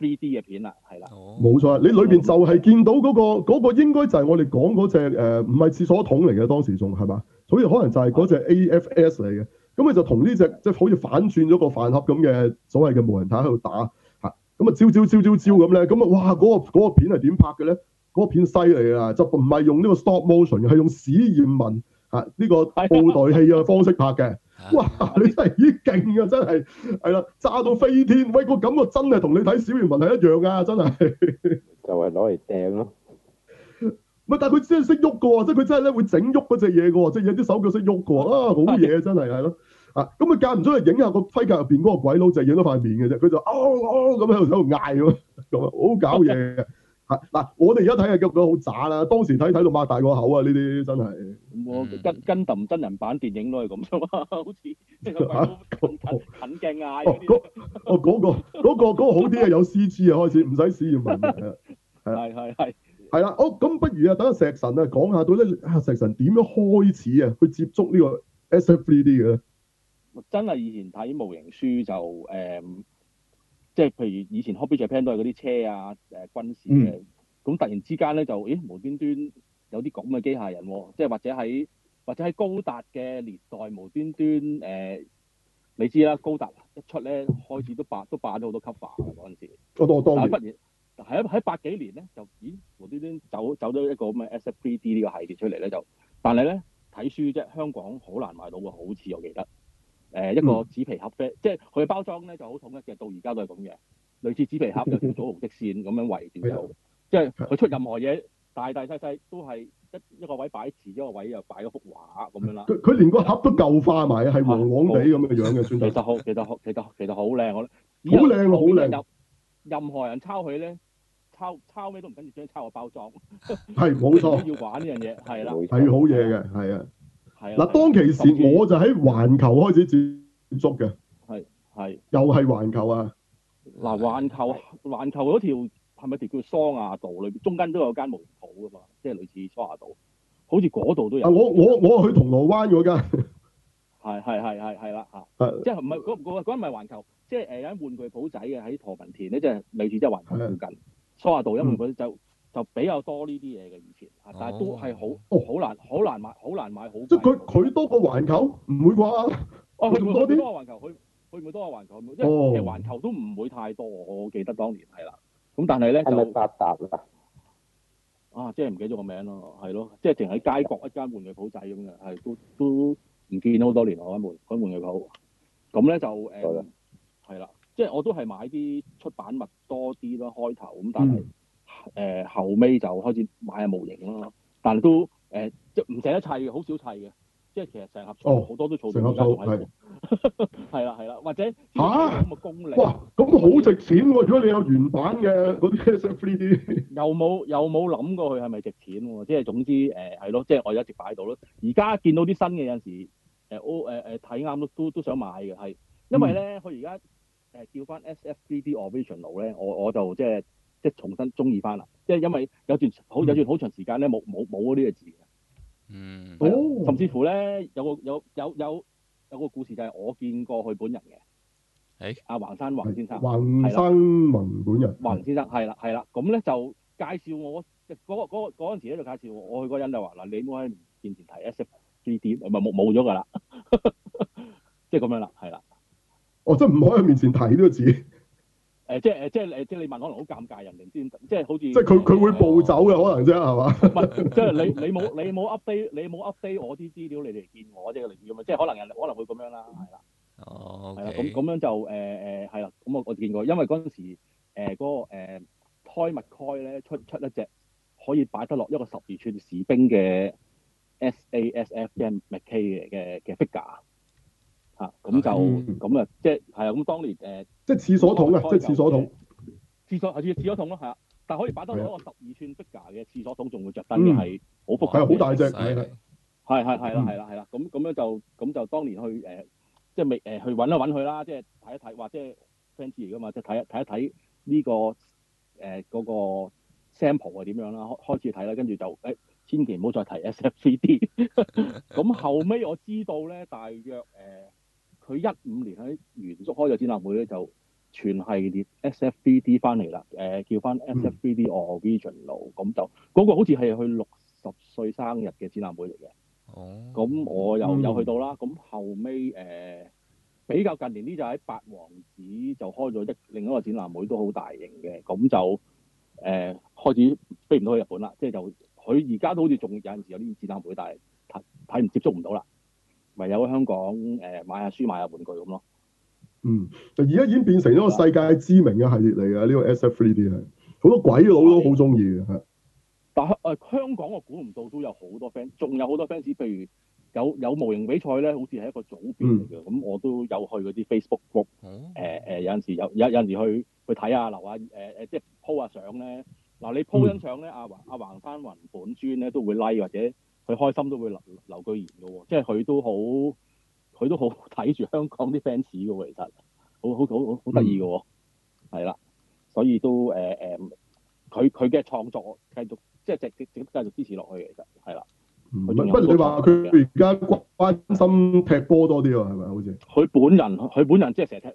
SF3D 嘅片啦，係啦、哦，冇錯你裏邊就係見到嗰、嗰個嗰、嗯、個應該就係我哋講嗰隻唔係、呃、廁所桶嚟嘅，當時仲係嘛？所以可能就係嗰隻 AFS 嚟嘅。咁佢就同呢隻即係好似反轉咗個飯盒咁嘅所謂嘅無人塔喺度打。咁啊，招招招招招咁咧，咁啊，哇！嗰、嗰個嗰個片係點拍嘅咧？嗰、嗰個片犀利啦，就唔係用呢個 stop motion，係用史燕文嚇呢、啊呢個布袋戲啊方式拍嘅。 哇！你真係咦勁啊，真係係啦，炸、啊、到飛天。喂，嗰個感覺真係同你睇史燕文係一樣啊，真係。 就係攞嚟掟咯。咪但係佢真係識喐噶喎，即係佢真係咧會整喐嗰隻嘢噶喎，即係有啲手腳識喐噶喎。啊，好嘢，真係係咯。啊！咁啊，間唔中去，影下個盔甲入邊嗰個鬼佬就影咗塊面嘅啫。佢就哦哦咁喺度喺度嗌，咁啊，好搞嘢嘅嚇嗱！我哋而家睇下，覺得好渣啦。當時睇睇到擘大個口，喔喔、啊，呢啲真係跟跟冧真人版電影都係咁啊，好似即係有啲近近哦，嗰哦嗰個好啲啊，有 CG 啊，開始唔使屎尿聞嘅係係係係啦。好咁，不如 啊，等、啊、阿石神啊講下到底石神點樣開始啊去接觸呢個 S F Three D 嘅咧？真係以前睇模型書就誒，即係譬如以前 Hobby Japan 都係嗰啲車啊、誒軍事嘅。咁突然之間咧就咦無端端有啲咁嘅機械人喎，即係或者喺或者喺高達嘅年代無端端誒，你知啦，高達一出咧開始都霸都霸咗好多 cover 啊嗰陣時。多當然。但係喺喺八幾年咧就咦無端端走走咗一個咁嘅 S.F.3.D 呢個系列出嚟咧就，但係咧睇書即係，香港好難買到喎，好似我記得。誒一個紙皮盒啡，即係佢嘅包裝咧就好統一嘅，到而家都係咁嘅。類似紙皮盒，又用咗紅色線咁樣圍住，即係佢出任何嘢，大大細細都係一一個位擺字，一個位又擺幅畫咁樣啦。佢佢連個盒都舊化埋，係黃黃地咁嘅樣嘅。其實好，其實其實其實好靚，我覺得。好靚好靚。任何人抄佢咧，抄抄咩都唔跟住，將抄個包裝。係冇錯。要玩呢樣嘢係啦，係好嘢嘅，係啊。嗱， 當其時我就喺環球開始接觸嘅，係係，又係環球啊！嗱、啊，環球環球嗰條係咪條叫桑亞道裏邊？中間都有間模型鋪噶嘛，即係類似桑亞道，好似嗰度都有。我我我去銅鑼灣嗰間 是是是是是，係係係係係啦嚇，即係唔係嗰唔係環球，即係誒有間玩具鋪仔嘅喺陀文田咧，即係類似即係環球附近，桑亞是是 道一、嗯、因為嗰啲就。就比較多呢啲嘢嘅以前，但係都係好，啊、難哦，好難，好難買，好難買好。即係佢佢多過環球？唔、啊、會啩？哦，佢仲多多過環球，佢佢唔會多過環球，因為其實環球都唔會太多。我記得當年係啦。咁但係咧，係咪發達啊？是是啊，即係唔記得咗個名咯，係咯，即係淨喺街角一間玩具鋪仔咁樣，係都都唔見好多年我喺門喺玩具鋪。咁咧就誒，係、嗯、啦了，即係我都係買啲出版物多啲咯，開頭咁，但係。嗯。誒後尾就開始買下模型咯，但係都誒即係唔成一砌嘅，好少砌嘅，即係其實成盒哦好多都儲住而家仲喺度，係啦係啦，或者吓，咁嘅功力，哇，咁好值錢喎、啊！如果你有原版嘅嗰啲 S F 3 D， 又冇又冇諗過佢係咪值錢喎、啊？即係總之誒係咯，即、呃、係、就是、我一直擺喺度咯。而家見到啲新嘅有陣時誒 O 誒誒睇啱都都都想買嘅係，因為咧佢而家誒叫翻 S F 3 D Original 路咧，我我，我就即係。就是即係重新中意翻啦，即係因為有段好有段好長時間咧冇冇冇嗰啲字嘅，嗯，甚至乎咧有個有有有有個故事就係我見過佢本人嘅，誒，阿橫山橫先生，橫山文本人，橫先生，係啦係啦，咁咧就介紹我，即係嗰個嗰個陣時喺度介紹我，我去嗰陣就話嗱你唔好喺面前提 S F 3 D，唔係冇冇咗㗎啦，即係咁樣啦，係啦，我真係唔好喺面前提呢個字。誒、呃、即係誒、呃、即係誒、呃、即係你問可能好尷尬人哋先。即係好似即係佢佢會暴走嘅可能啫係嘛？即係你你冇你冇 update 你冇 update 我啲資料你哋見我啫嘅意思咁，即係可能人可能會咁樣啦，係啦。哦，係、okay. 啦，咁咁樣就誒誒係啦。咁、呃、我我見過，因為嗰陣時誒嗰、呃那個誒、呃、Toy McCoy 咧出出一隻可以擺得落一個十二寸士兵嘅 SASFM McKay 嘅嘅 figure。嚇，咁就咁啊，即係係啊，咁當年誒，即係廁所桶啊，即係廁所桶，廁所廁所桶咯，係啊，但係可以擺得落一個十二寸 figure 嘅廁所桶，仲、啊嗯、會着得係好複係好大隻，係係係啦係啦係啦，咁咁樣就咁就當年去誒、呃，即係未誒去揾一揾佢啦，即係睇一睇、這個，哇、呃，即係 fans 嚟噶嘛，即係睇睇一睇呢個誒嗰個 sample 係點樣啦，開始睇啦，跟住就誒千祈唔好再提 SF3D，咁 後尾我知道咧，大約誒。呃佢一五年喺原宿開咗展覽會咧，就全系列 S.F.3.D 翻嚟啦。誒、呃，叫翻 S.F.3.D Original，咁就嗰、那個好似係佢六十歲生日嘅展覽會嚟嘅。哦，咁我又、嗯、有去到啦。咁後尾誒、呃、比較近年呢，就喺八王子就開咗一另一個展覽會，都好大型嘅。咁就誒、呃、開始飛唔到去日本啦。即係就佢而家都好似仲有陣時有啲展覽會，但係睇睇唔接觸唔到啦。唯有香港誒、呃、買下、啊、書買下、啊、玩具咁咯。嗯，就而家已經變成咗個世界知名嘅系列嚟嘅呢個 SF3D 係，好多鬼佬都好中意嘅，但香、呃、香港我估唔到都有好多 fans，仲有好多 fans，譬如有有模型比賽咧，好似係一個組別嚟嘅，咁、嗯、我都有去嗰啲 Facebook book、呃、係、呃呃呃。有陣時有有有陣時去去睇下、留下誒誒、呃呃，即係 po 下相咧。嗱、呃呃，你 po 張相咧，阿阿橫翻雲本尊咧都會 like 或者。呃嗯嗯佢開心都會留留言噶喎，即係佢都好，佢都好睇住香港啲 fans 噶喎，其實好好好好得意噶喎，係啦，所以都誒誒，佢佢嘅創作我繼續即係直直繼續支持落去其實係啦，不過佢話佢而家關心踢波多啲喎，係咪？好似佢本人佢本人即係成日踢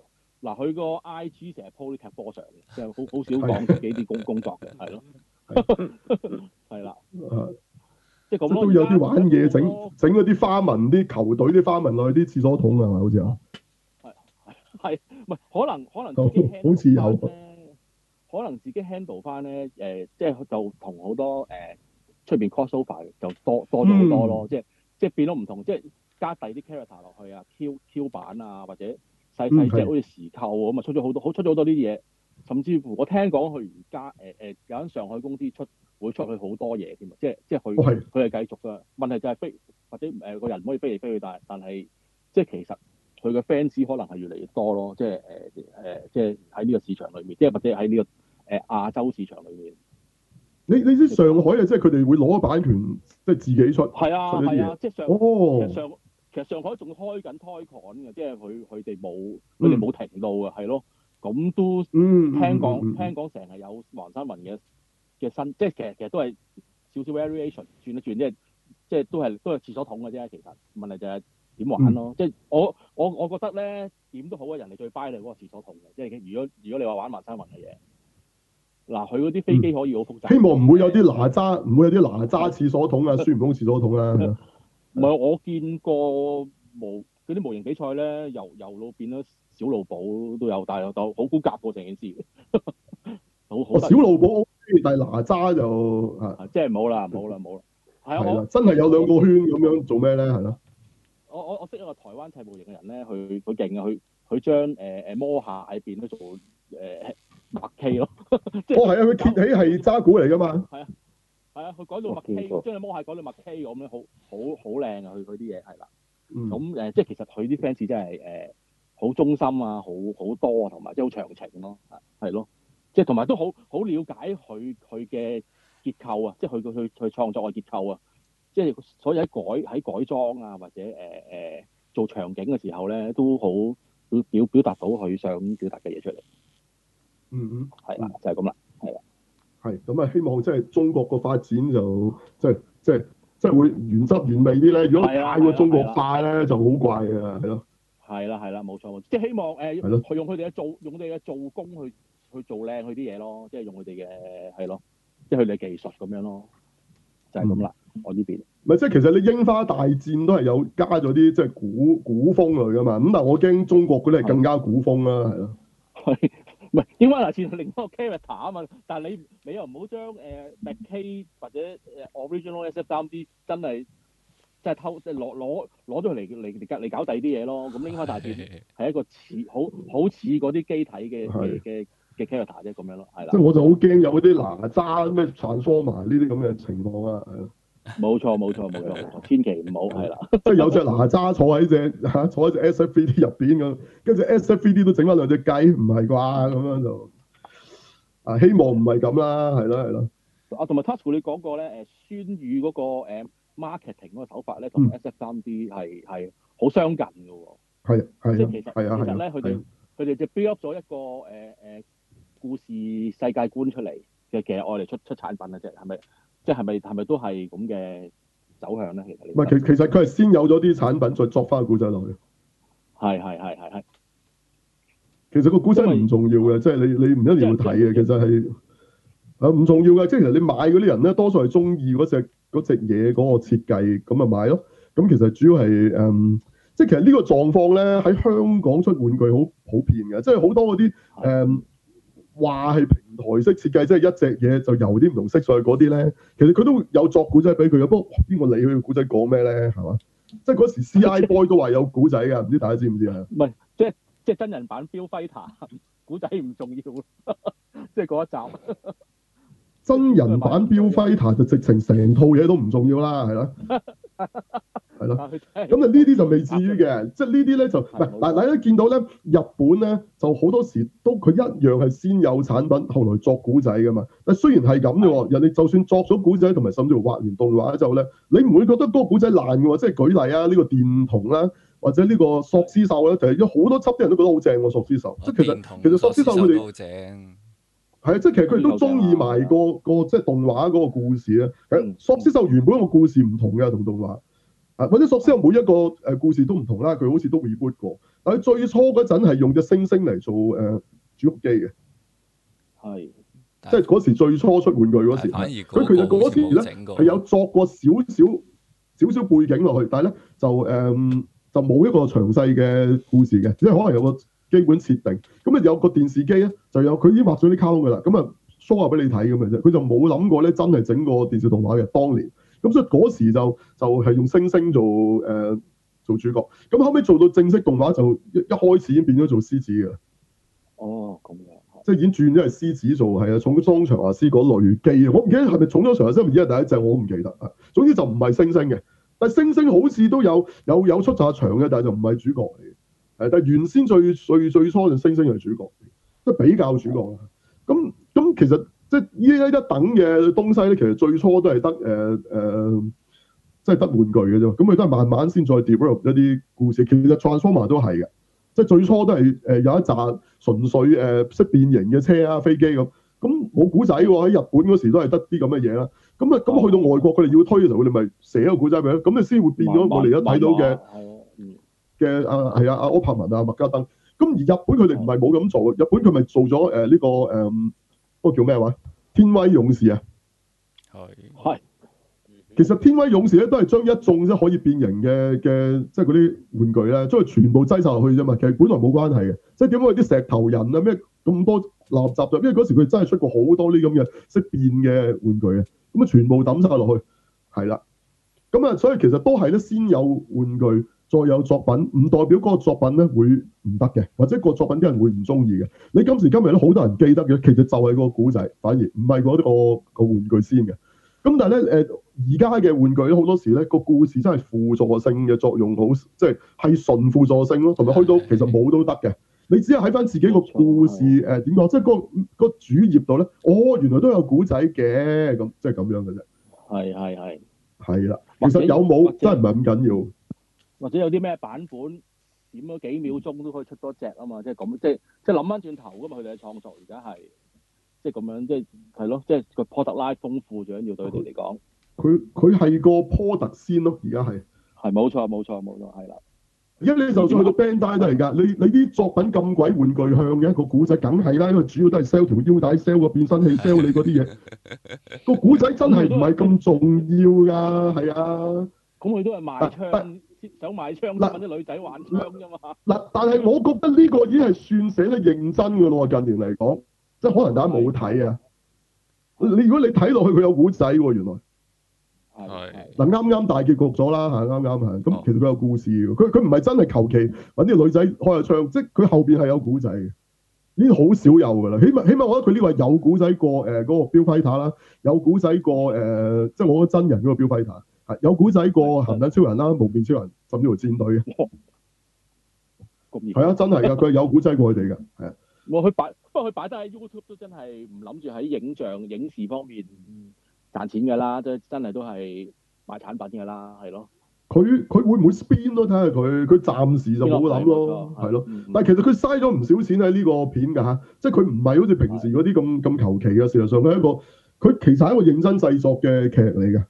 嗱，佢個 IG 成日 po 啲踢波相，即係好好少講自己啲工工作嘅係咯，係啦。即係咁都有啲玩嘢，整整嗰啲花紋，啲球隊啲花紋落去啲廁所桶啊，係咪好似啊？係係，唔係 可能可能自己 h a 可能自己 handle 翻咧誒、呃，即係就同好多誒出邊 cosplay 就多多咗好多咯，嗯、即係即係變咗唔同，即係加第啲 character 落去啊，QQ 版啊，或者細細隻好似、嗯、時購咁啊，出咗好多，好出咗好多啲嘢，甚至乎我聽講佢而家誒誒有間上海公司出。會出去好多嘢添啊！即係即係佢佢係繼續㗎。問題就係、是、飛或者誒個人唔可以飛嚟飛去，但係但係即係其實佢嘅 fans 可能係越嚟越多咯。即係誒誒，即係喺呢個市場裏面，即係或者喺呢個誒、呃、亞洲市場裏面。你你知上海啊，即係佢哋會攞版權，即係自己出。係啊係啊，即係、啊、上、哦、其實上其實上海仲開緊 Toycon 嘅，即係佢佢哋冇佢哋冇停到嘅。係咯。咁都聽講、嗯、聽講成日有黃山雲嘅。嘅新即係其實其實都係少少 variation 轉一轉即係即係都係都係廁所桶嘅啫。其實問題就係點玩咯。即係、嗯、我我我覺得咧點都好啊，人哋最 buy 嘅嗰個廁所桶嘅，即係如果如果你話玩萬山雲嘅嘢，嗱佢嗰啲飛機可以好複雜。嗯、希望唔會有啲難揸，唔、嗯、會有啲難揸廁所桶啊，孫悟空廁所桶啊。唔係我見過模嗰啲模型比賽咧，由由路邊咗小路寶都有，但係又好高格個成件事，好好小路寶。 意跟住，大拿渣就即係冇啦，冇啦，冇啦。係啊 的，我真係有兩個圈咁樣做咩咧？係咯。我我我識一個台灣砌模型嘅人咧，佢佢勁啊，佢佢將誒誒魔蟹變咗做誒麥 K 咯。哦，係啊，佢揭起係渣古嚟㗎嘛。係啊，係啊，佢改到麥 K，將個魔蟹改到麥 K 咁樣、嗯呃，好好好靚啊！佢佢啲嘢係啦。嗯。咁誒，即係其實佢啲 fans 真係誒好忠心啊，好好多啊，同埋即係好長情咯。係係咯。即係同埋都好好了解佢佢嘅結構啊！即係佢佢佢創作嘅結構啊！即係所以喺改喺改裝啊，或者誒誒、呃、做場景嘅時候咧，都好表表達到佢想表達嘅嘢出嚟。嗯哼、嗯，係啦，就係咁啦，係。係咁啊！希望即係中國個發展就即係即係即係會原汁原味啲咧。如果太過中國化咧，就好怪啊！係咯。係啦係啦，冇錯，即係希望佢用佢哋嘅造用佢哋嘅做工去。去做靚佢啲嘢咯，即係用佢哋嘅係咯，即係佢哋嘅技術咁樣咯，就係咁啦，嗯、我呢這邊。唔係即係其實你櫻花大戰都係有加咗啲即係古古風類噶嘛，咁但係我驚中國嗰啲係更加古風啦，係咯。係，唔係櫻花大戰係另一個 character 啊嘛，但係你你又唔好將誒 m a c k 或者 original SF3D 真係即係偷即係攞攞攞咗嚟嚟嚟搞第二啲嘢咯。咁櫻花大戰係一個似好好似嗰啲機體嘅嘅。的嘅 c h a r 咁樣咯，係啦，即係我就好驚有嗰啲嗱喳咩散梳埋呢啲咁嘅情況啊，冇錯冇錯冇錯，千祈唔好係啦，即係有隻嗱喳坐喺隻吓坐喺隻 S F 3 D 入邊咁，跟住 S F 3 D 都整翻兩隻雞，唔係啩咁樣就啊，希望唔係咁啦，係咯係咯，啊同埋 Tasuku，你講過咧誒酸雨嗰個 marketing 嗰個手法咧，同 S F 3 D 係係好相近嘅喎，係係啊係啊係啊，佢哋佢哋就 build up 咗一個誒誒。呃呃故事世界觀出嚟嘅，其實我哋出出產品嘅啫，係咪？即係係咪係咪都係咁嘅走向咧？其實你唔係其其實佢係先有咗啲產品，再作翻個故仔落去。係係係係係。其實個故仔唔重要嘅，即係為你你唔一定要睇嘅。即係、其實係係唔重要嘅。即係其實你買嗰啲人咧，多數係中意嗰隻隻嘢嗰、嗰個設計，咁咪買咯。咁其實主要係誒，即係其實呢個狀況咧，喺香港出玩具好普遍嘅，即係好多嗰啲誒。的話係平台式設計，即係一隻嘢就由啲唔同色彩嗰啲咧，其實佢都有作古仔俾佢嘅。不過邊個理佢古仔講咩咧？係嘛？即係嗰時 C.I. Boy 都話有古仔嘅，唔知大家知唔知啊？唔係，即係即係真人版《標飛彈》古仔唔重要， 即係嗰一集。 真人版《標飛彈》就直情成套嘢都唔重要啦，係啦。 係咯，咁啊呢啲就未至於嘅， 即係呢啲咧就嗱大家都見到咧，日本咧就好多時都佢一樣係先有產品，後來作古仔嘅嘛。但雖然係咁嘅喎， 人哋就算作咗古仔，同埋甚至乎畫完動畫之後咧，你唔會覺得嗰個古仔爛嘅喎。即係舉例啊，呢、呢個電筒啦，或者呢個索斯獸咧，就係有好多輯，啲人都覺得好正喎。索斯獸即係其實其實索斯獸佢哋好正，係啊，即係其實佢哋都中意埋個個即係動畫嗰個故事咧。索斯獸原本個故事唔同嘅同動畫。啊、或者索斯，每一個誒故事都唔同啦。佢好似都 reboot 過，但係最初嗰陣係用隻星星嚟做誒主角機嘅，係的即係嗰時最初出玩具嗰時。反而佢其實嗰時咧係有，有作過少少少少背景落去，但係咧就誒、呃、就冇一個詳細嘅故事嘅，即係可能有個基本設定。咁啊有個電視機咧就有佢已經畫咗啲卡通嘅啦。咁啊 show 下俾你睇咁嘅啫。佢就冇諗過咧真係整個電視動畫嘅當年。咁所以嗰時就就係、是、用星星做誒、呃、做主角，咁後尾做到正式動畫就一開始已經變咗做獅子嘅。哦，咁樣，即係已經轉咗係獅子做，係啊，重裝場啊，獅哥累基我唔記得係咪重咗場啊，先唔知係第一隻，我唔記得啊。總之就唔係星星嘅，但係星星好似都有有有出詐場嘅，但係就唔係主角嚟嘅。係，但係原先最最，最最初就星星係主角，即係比較主角啦。咁咁其實。即係依一等嘅東西咧，其實最初都係得誒誒，即係得玩具嘅啫。咁佢都係慢慢先再 develop 一啲故事。其實 Transformer 都係嘅，即係最初都係誒有一紮純粹誒識變形嘅車啊、飛機咁。咁冇古仔喎，喺日本嗰時都係得啲咁嘅嘢啦。咁啊咁去到外國，佢哋要推嘅時候，佢哋咪寫個古仔俾你，咁你先會變咗我哋而家睇到嘅。嘅啊，係啊，阿柯柏文啊、麥加登。咁而日本佢哋唔係冇咁做，日本佢咪做咗誒呢個誒。嗰叫咩話？天威勇士啊，係是，係，其實天威勇士咧都係將一眾即係可以變形嘅嘅，即係啲玩具咧，將佢全部擠晒落去啫嘛。其實本來冇關係嘅，即係點解有啲石頭人啊咩咁多垃圾就？因為嗰時佢真係出過好多呢咁嘅識變嘅玩具嘅，咁啊全部抌晒落去，係啦，咁啊所以其實都係咧，先有玩具，再有作品唔代表嗰個作品咧會唔得嘅，或者個作品啲人會唔中意嘅。你今時今日咧好多人記得嘅，其實就係個古仔，反而唔係嗰個玩具先嘅。咁但係咧誒，而家嘅玩具咧好多時咧個故事真係輔助性嘅作用好，即係係純輔助性咯，同埋去到其實冇都得嘅。的你只係喺翻自己個故事誒點講，即係嗰個的主頁度咧，哦原來都有古仔嘅，咁即係咁樣嘅啫。係係係係啦，的其實有冇真係唔係咁緊要。或者有啲咩版本，點咗幾秒鐘都可以出多隻啊嘛！即係咁，即係即係諗翻轉頭噶嘛，佢哋嘅創作而家係，即係咁樣，即係係咯，即係個 product line 豐富咗，緊要對佢哋嚟講。佢佢係個 product 先咯，而家係。係冇錯冇錯冇錯，係啦。而家的你就算去到 Bandai 都係㗎，你你啲作品咁鬼玩具向嘅一、那個古仔，梗係啦，因為主要都係 sell 條腰帶、sell 個變身器、sell 你嗰啲嘢。 個古仔真係唔係咁重要㗎，係啊。咁佢都係賣槍。接手賣槍，搵啲女仔玩槍啫嘛。嗱， 但係我覺得呢個已經係算寫得認真㗎咯喎！近年嚟講，即係可能大家冇睇啊。你 如果你睇落去，佢有古仔喎原來。係嗱，啱啱大結局咗啦嚇，啱啱係咁，其實佢有故事嘅。佢佢唔係真係求其揾啲女仔開下唱，即佢後邊係有古仔嘅。已經好少有㗎啦，起碼起碼我覺得佢呢個有古仔過誒嗰、呃那個 Fighter，《標快塔》啦，有古仔過誒，即係我覺得真人嗰個《標快塔》。有古仔過《行盾超人》啦的，《幪面超人》甚至乎戰隊嘅，係啊 義，真係嘅，佢係有古仔過佢哋嘅，係啊。我佢、哦、擺不過佢擺得喺 YouTube 都真係唔諗住喺影像、影視方面賺錢㗎啦，真都真係都係賣產品㗎啦，係咯。佢佢會唔會 spin 咯？睇下佢，佢暫時就冇諗咯，係咯、 嗯嗯。但係其實佢嘥咗唔少錢喺呢個片㗎嚇，即係佢唔係好似平時嗰啲咁咁求其嘅。事實上，佢係一個佢其實係一,一個認真製作嘅劇嚟嘅。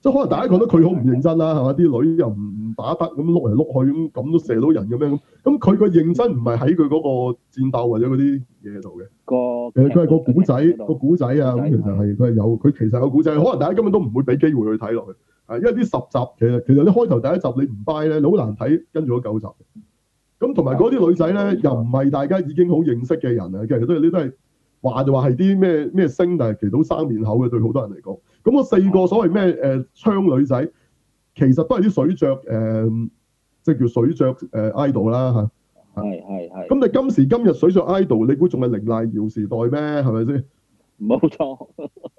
即係可能大家覺得佢好唔認真啦，係嘛？啲女又唔唔打得咁碌嚟碌去咁，咁都射到人咁樣咁。佢、嗯、個認真唔係喺佢嗰個戰鬥或者嗰啲嘢度嘅。呃、個誒，佢係個古仔，個古仔啊咁，邊其實係佢係有，佢其實個古仔。可能大家根本都唔會俾機會去睇落去，係因為啲十集，其實其實你開頭第一集你唔 buy 咧你好難睇跟住九集。咁同埋嗰啲女仔咧，又唔係大家已經好認識嘅人啊，其實都係你都係話就話係啲咩咩星，但係其實都生面口嘅對好多人嚟講。咁我四個所謂咩誒槍女仔，其實都係啲水着，誒、呃，即係叫水着誒、呃、idol 啦嚇。係係係。咁 嗯、你今時今日水着 idol，你估仲係凌瀨遙時代咩？係咪先？冇沒錯。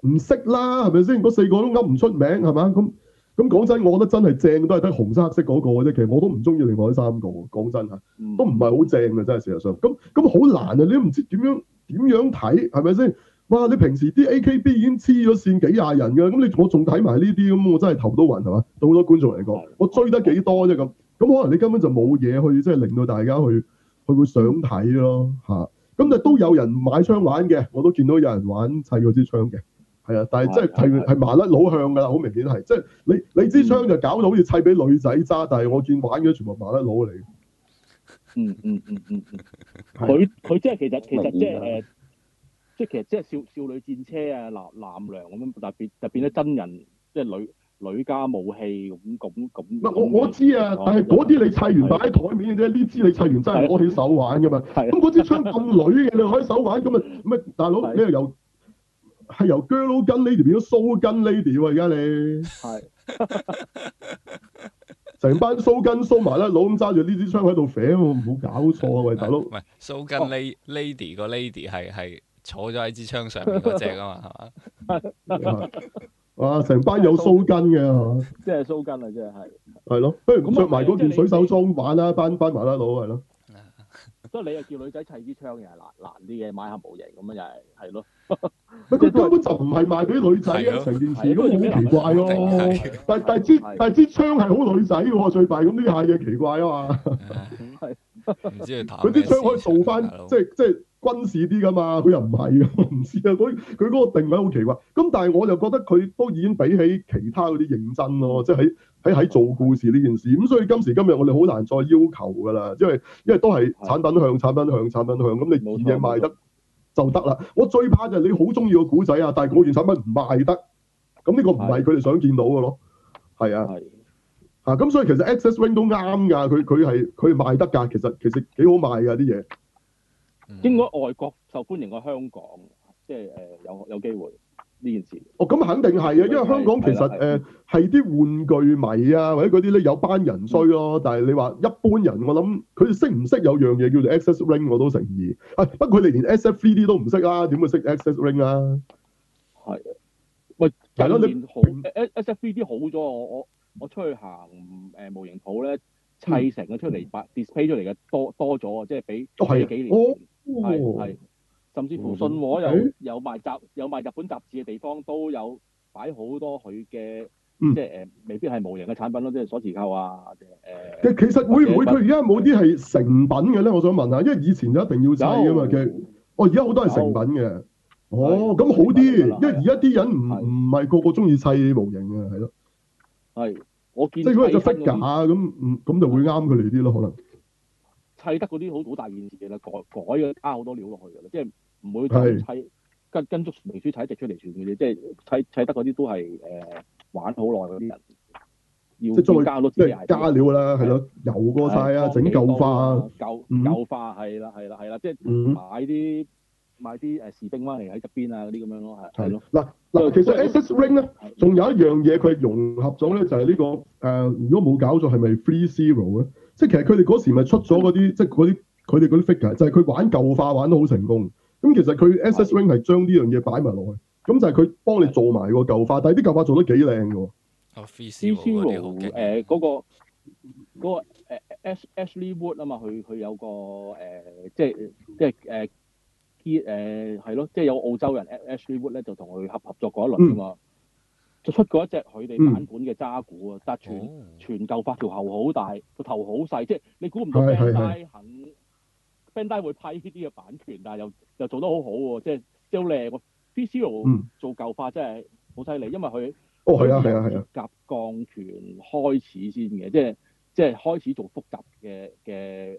唔 識啦，係咪先？嗰四個都噏唔出名，係嘛？咁咁講真，我覺得真係正都係睇紅色黑色嗰個嘅啫。其實我都唔中意另外啲三個，講真嚇，嗯、都唔係好正嘅，真係事實上，咁咁好難啊！你都唔知點樣點樣睇，係咪先？哇！你平時啲 AKB 已經黐咗線幾廿人㗎，咁、嗯、你我仲睇埋呢啲咁，我真係頭都暈，係嘛？對好多觀眾嚟講，的我追得幾多啫咁？咁、嗯、可能你根本就冇嘢去，即係令到大家去，佢會想睇咯嚇。咁但都有人買槍玩嘅，我都見到有人玩砌嗰支槍嘅，係啊。但係即係係係麻甩佬向㗎啦，好明顯係即係你你支槍就搞到好似砌俾女仔揸，但係我見玩嘅全部麻甩佬嚟。嗯嗯嗯嗯，佢佢即係其實其實即係即係其實即係少少女戰車啊、男男娘咁樣，但係變就變咗真人，即係女女加武器咁咁咁。我我知啊，但係嗰啲你砌完擺喺台面嘅啫，呢支你砌完真係攞起手玩嘅嘛。係咁嗰支槍咁女嘅，你可以手玩咁啊？唔係大佬，你又由係由 g e l o g lady 變咗蘇跟 lady 喎，而家你係成班蘇跟蘇埋啦，攞咁揸住呢支槍喺度揈喎，冇搞錯啊喂，大佬唔係蘇跟 lady 個 lady 係。係。坐咗喺支槍上邊嗰隻啊嘛，係嘛？啊，成班有鬚根嘅，即係鬚根啊！即係係，係咯，不如咁着埋嗰件水手裝玩啦，翻翻馬佬係咯。不過你又叫女仔砌支槍又係難難啲嘅，買下模型咁樣又係係咯。佢根本就唔係賣俾女仔啊，成件事都好奇怪咯。但但支但支槍係好女仔嘅，最快咁呢下嘢奇怪啊嘛。唔知佢，佢啲槍可以做翻，即係即係。軍事啲㗎嘛，佢又唔係，我唔知啊。佢佢嗰個定位好奇怪。咁但係我就覺得佢都已經比起其他嗰啲認真咯，即係喺喺做故事呢件事。咁所以今時今日我哋好難再要求㗎啦，因為因為都係產品向、產品向、產品向。咁你嘢賣得就得啦。我最怕就係你好中意個古仔啊，但係嗰件產品唔賣得。咁呢個唔係佢哋想見到嘅咯。係啊。係。嚇！咁所以其實 Access Ring 都啱㗎，佢佢係佢賣得㗎，其實其實幾好賣㗎啲嘢。應該外國受歡迎過香港，即係誒有有機會呢件事。哦，咁肯定係啊，因為香港其實誒係啲玩具迷啊，或者嗰啲咧有班人衰咯。但係你話一般人，我諗佢識唔識有樣嘢叫做 Access Ring，我都成疑。誒，不過你連 SF3D 都唔識啊，點會識 Access Ring 啊？係啊，喂咪近年好 S SF3D 好咗，我我我出去行誒模型鋪咧，砌成個出嚟擺 display 出嚟嘅多多咗啊，即係比幾年係甚至乎信和有有賣雜有賣日本雜誌嘅地方都有擺好多佢嘅，即係誒未必係模型嘅產品咯，即係鎖匙扣啊，誒。其實會唔會佢而家冇啲係成品嘅咧？我想問下，因為以前就一定要砌㗎嘛嘅。哦，而家好多係成品嘅。哦，咁好啲，因為而家啲人唔唔係個個中意砌模型嘅，係咯。係，我見即係如果係個 figure 咁，嗯，咁就會啱佢哋啲咯，可能。砌得嗰啲好好大件事嘅啦，改改啊加好多料落去嘅啦，即係唔會單砌跟跟足說明書睇一出嚟全部嘢，即係砌砌得嗰啲都係誒、呃、玩好耐嗰啲人要即加即係加料啦，係咯，油過晒啊，整舊化啊，舊化係啦係啦係啦，即係買啲買啲誒士兵返嚟喺入邊啊嗰啲咁樣咯，係係咯嗱嗱， 其實 SS Ring 咧，仲有一樣嘢佢融合咗咧，就係、是、呢、這個誒、呃，如果冇搞咗係咪 Three Zero 咧？是即係其實佢哋嗰時咪出咗嗰啲，即係嗰啲佢哋嗰啲 figure，就係佢玩舊化玩得好成功。咁其實佢 SS Wing 係將呢樣嘢擺埋落去，咁就係佢幫你做埋個舊化，但係啲舊化做得幾靚㗎喎。哦 f i s u o 啊，你好勁。嗰個嗰 Ashley Wood 啊嘛，佢佢有個誒、uh, 即係即係誒啲誒係咯，即係有澳洲人 Ashley Wood 咧就同佢合合作過一輪㗎嘛。嗯就出過一隻佢哋版本嘅渣古啊，嗯、但係全、哦、全舊化條喉好大，個頭好細，即係你估唔到 Bandai 的肯 Bandai 的弄會批呢啲嘅版權，但係又又做得好好喎，即係即係好靚喎。P.C.O.、嗯、做舊化真係好犀利，因為佢哦係啊係啊係啊夾鋼拳開始先嘅，即係即係開始做複雜嘅嘅誒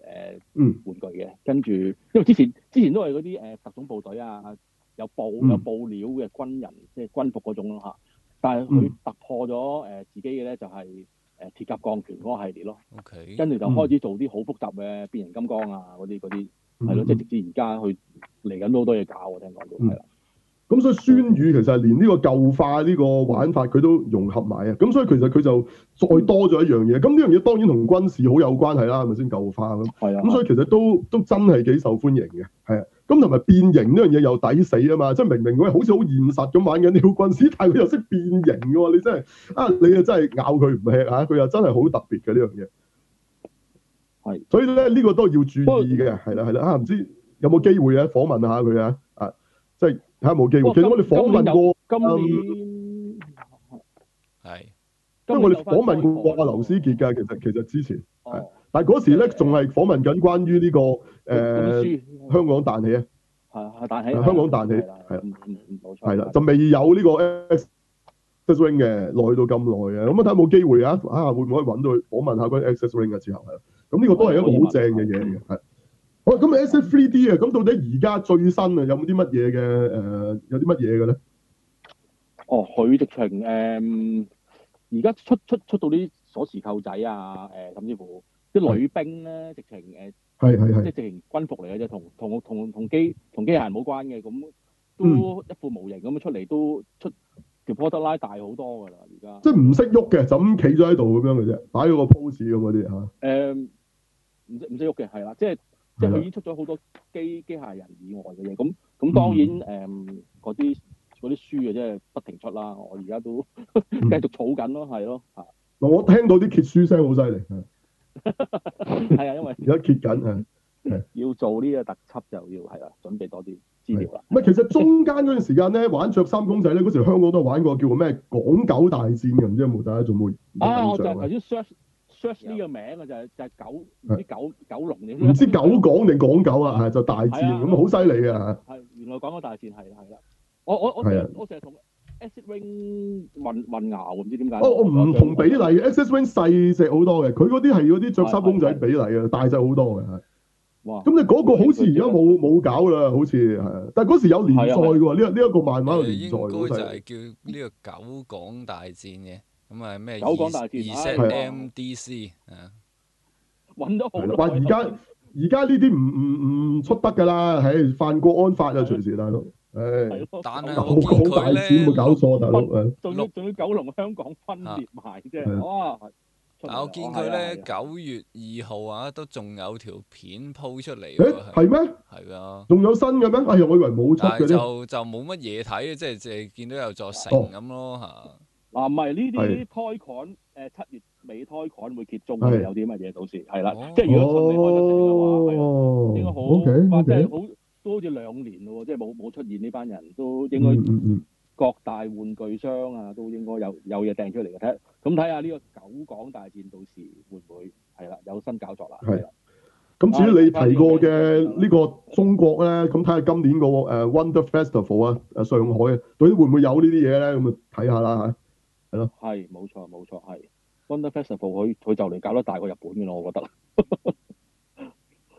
玩具嘅。跟住因為之前之前都係嗰啲誒特種部隊啊，有布有布料嘅軍人，即係軍服嗰種咯嚇。嗯嗯嗯但係佢突破咗誒、呃、自己嘅咧、就係，就係誒鐵甲鋼拳嗰個系列咯。Okay，跟住就開始做啲好複雜嘅變形金剛啊嗰啲嗰啲，係咯，即係、mm hmm. 就係、直至而家佢嚟緊都好多嘢搞，我聽講都係啦。Mm hmm. 咁所以酸雨其實係連呢個舊化呢個玩法佢都融合埋啊！咁所以其實佢就再多咗一樣嘢。咁呢樣嘢當然同軍事好有關係啦，係咪先舊化咁？係啊！咁所以其實都都真係幾受歡迎嘅，係啊！咁同埋變形呢樣嘢又抵死啊嘛！即係明明佢好似好現實咁玩緊啲軍事，但係佢又識變形㗎喎！你真係啊！你又真係咬佢唔吃吓，佢、啊、又真係好特別嘅呢樣嘢。係，是的 所以咧呢、呢個都要注意嘅，係啦係啦啊！唔知有冇機會啊訪問下佢啊啊！即係。睇下冇機會。其實我哋訪問過，係。因為我哋訪問過阿劉思傑㗎，其實其實之前係。但係嗰時咧仲係訪問緊關於呢個誒香港彈起啊。係啊，彈起。香港彈起係冇錯。係啦，就未有呢個 X Swing s 嘅耐到咁耐啊。咁啊睇下冇機會啊？啊，會唔會揾到去訪問下嗰啲 X Swing 嘅之後。係。咁呢個都係一個好正嘅嘢嚟嘅。喂，咁 S.F. 三 D 啊，咁到底而家最新啊，有冇啲乜嘢嘅？誒，有啲乜嘢嘅咧？哦，佢直情誒，而、嗯、家出出出到啲鎖匙扣仔啊，誒、呃，甚至乎啲女兵咧，直情誒，係係係即係直情軍服嚟嘅啫，同同同同機同機械冇關嘅，咁都一副模型咁樣出嚟都出條波德拉大好多噶啦，而家即係唔識喐嘅，就咁企咗喺度咁樣嘅啫，擺咗個 pose 咁嗰啲吓。誒，唔識唔識喐嘅，係啦，即係。即係佢已經出咗好多機機械人以外嘅嘢，咁咁當然誒嗰啲啲書嘅，即係不停出啦。我而家都 繼續儲緊咯，係咯。嗱、嗯，的我聽到啲揭書聲好犀利。係啊， 因為而家 揭緊啊，要做呢個特輯就要係啦，準備多啲資料啦。唔係，其實中間嗰段時間咧 玩着三公仔咧，嗰時香港都玩過，叫咩港九大戰嘅，唔知有冇大家仲冇？啊，我就頭先 search f i 呢個名啊，就係就係九唔知九九龍定唔知九港定港九啊，係就大戰咁好犀利啊！係原來講個大戰係係啦，我我我成日我成日同 s c i wing 問問牙喎，唔知點解我唔同比例 s s i wing 細隻好多嘅，佢嗰啲係嗰啲着衫公仔比例啊，大隻好多嘅係哇！咁你嗰個好似而家冇冇搞啦，好似係，但係嗰時有聯賽嘅喎，呢個呢一個漫畫嘅聯賽就係叫呢個九港大戰嘅。咁係咩意思？九廣大件事係啊，MDC 啊，揾咗好耐，話而家而家呢啲唔唔唔出得噶啦，係犯國安法啊，隨時大佬。係咯，九廣大錢冇搞錯，大佬啊。仲要仲要九龍香港分裂埋啫。啊，但係我見佢咧九月二號啊，都仲有條片鋪出嚟。誒，係咩？係啊，仲有新嘅咩？啊，我以為冇出嘅咧。就就冇乜嘢睇啊，即係淨係見到有座城咁咯吓。嗱，唔係呢啲 Toycon，誒七月尾 Toycon 會結束嘅，有啲乜嘢到時係啦，即係如果順利開得成嘅話，應該好，或者係好都好似兩年咯喎，即係冇冇出現呢班人都應該各大玩具商啊，都應該有有嘢掟出嚟嘅，睇，咁睇下呢個九港大戰到時會唔會係啦有新搞作啦，係啦，咁至於你提過嘅呢個中國咧，咁睇下今年個誒 Wonder Festival 啊，誒上海到底會唔會有呢啲嘢咧？咁啊睇下啦嚇。係咯，係冇錯冇錯，係 Wonder Festival 佢佢就嚟搞得大過日本嘅咯，我覺得。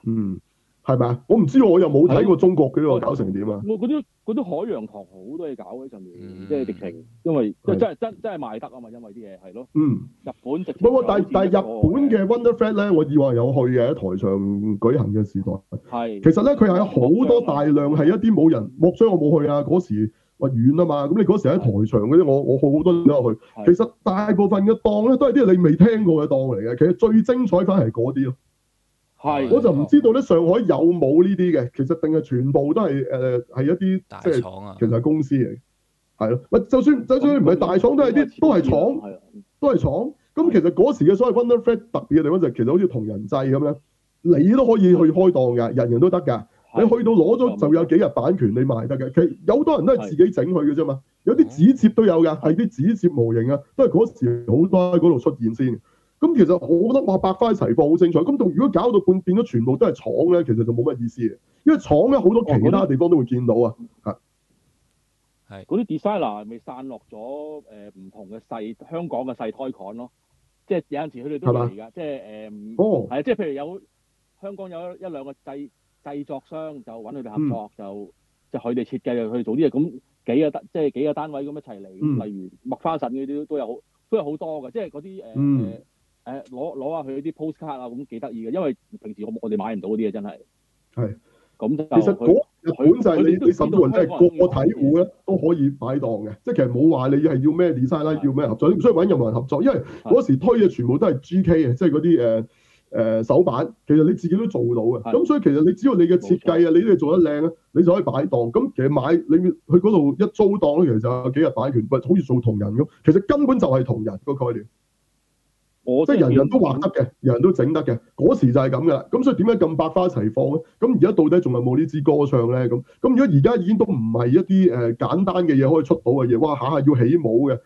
嗯，係咪啊？我唔知我又冇睇過中國嘅，呢個搞成點啊？我覺得嗰啲海洋堂好多嘢搞喺上面，嗯、即係直情，因為即係的真係真真係賣得啊嘛，因為啲嘢係咯。嗯。日本直不過、那個。冇冇，但但係日本嘅 Wonder Fest 咧，我以為有去嘅，喺台上舉行嘅時代。係的。其實咧，佢係好多大量係一啲冇人，嗯、莫非我冇去啊？嗰時。喂，遠啊嘛，咁你嗰時喺台場嗰啲，我我好多年都去。其實大部分嘅檔咧，都係啲你未聽過嘅檔嚟嘅。其實最精彩翻係嗰啲咯。係的，我就唔知道咧，上海有冇呢啲嘅？其實定係全部都係誒，係、呃、一啲即係廠啊，其實係公司嚟嘅。係咯，喂，就算就算唔係大廠，廠，都係啲都係廠，都係廠。咁其實嗰時嘅所謂 Wonderful 特別嘅地方就係、是、其實好似同人制咁樣，你都可以去開檔㗎，人人都得㗎。你去到攞咗就有幾日版權，你賣得嘅。其實有好多人都係自己整佢嘅啫嘛。的有啲紙摺都有㗎，係啲紙摺模型啊，都係嗰時好多喺嗰度出現先。咁其實我覺得話百花齊放好精彩。咁到如果搞到半變咗全部都係廠咧，其實就冇乜意思嘅，因為廠咧好多其他地方都會見到啊。係、哦。係。嗰啲 designer 咪散落咗誒唔同嘅細香港嘅細胎款咯，即係有陣時佢哋都會嚟㗎，的即係誒唔係即係譬如有香港有一一兩個細。製作商就揾佢哋合作，嗯、就即佢哋設計，又佢哋做啲嘢，咁幾個單，即、就、係、是、幾個單位咁一齊嚟。嗯、例如麥花臣嗰啲都有，都有好多嘅，即係嗰啲誒誒攞攞下佢啲 postcard 啊，咁幾得意嘅。因為平時我我哋買唔到嗰啲嘢，真係係咁。其實嗰日本就係你你甚至係個體戶咧都可以擺檔嘅，即係其實冇話你係要咩 design 啦，要咩合作，你唔需要揾任何人合作，因為嗰時推嘅全部都係 GK 嘅，即係嗰啲誒。誒、呃、手板其實你自己都做到嘅，咁的所以其實你只要你嘅設計啊，錯你都係做得靚啊，你就可以擺檔。咁其實買你去嗰度一租檔，其實有幾日擺㗎，喂、呃，好似做同人咁，其實根本就係同人個概念，我的即係人人都畫得嘅，人人都整得嘅，嗰時就係咁嘅啦。咁所以點解咁百花齊放咧？咁而家到底仲有冇呢支歌唱咧？咁咁如果而家已經都唔係一啲誒、呃、簡單嘅嘢可以出到嘅嘢，哇下下要起舞嘅，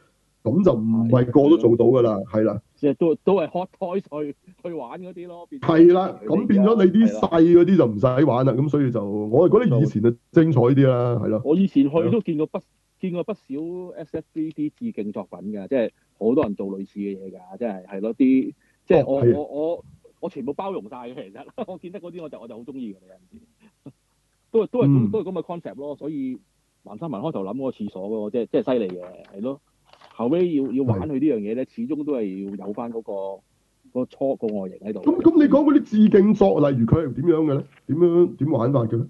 咁就唔係個都做到噶啦，係啦的。其實都都係 hot toys 去去玩嗰啲咯，係啦，咁變咗你啲細嗰啲就唔使玩啦，咁所以就我係覺得以前就精彩啲啦，係咯。我以前去都見過不見過不少 S.F.3.D 致敬作品㗎，即係好多人做類似嘅嘢㗎，即係係咯啲即係我我我我全部包容晒嘅，其實我見得嗰啲我就我就好中意㗎你陣時，都係都係都係咁嘅 concept 咯，所以黃生文開頭諗嗰個廁所喎，即係即係犀利嘅，係咯。後尾要要玩佢呢樣嘢咧，始終都係要有翻、嗰、嗰、個嗰個初、嗰個外形喺度。咁咁你講嗰啲致敬作，例如佢係點樣嘅咧？點樣點玩法嘅咧？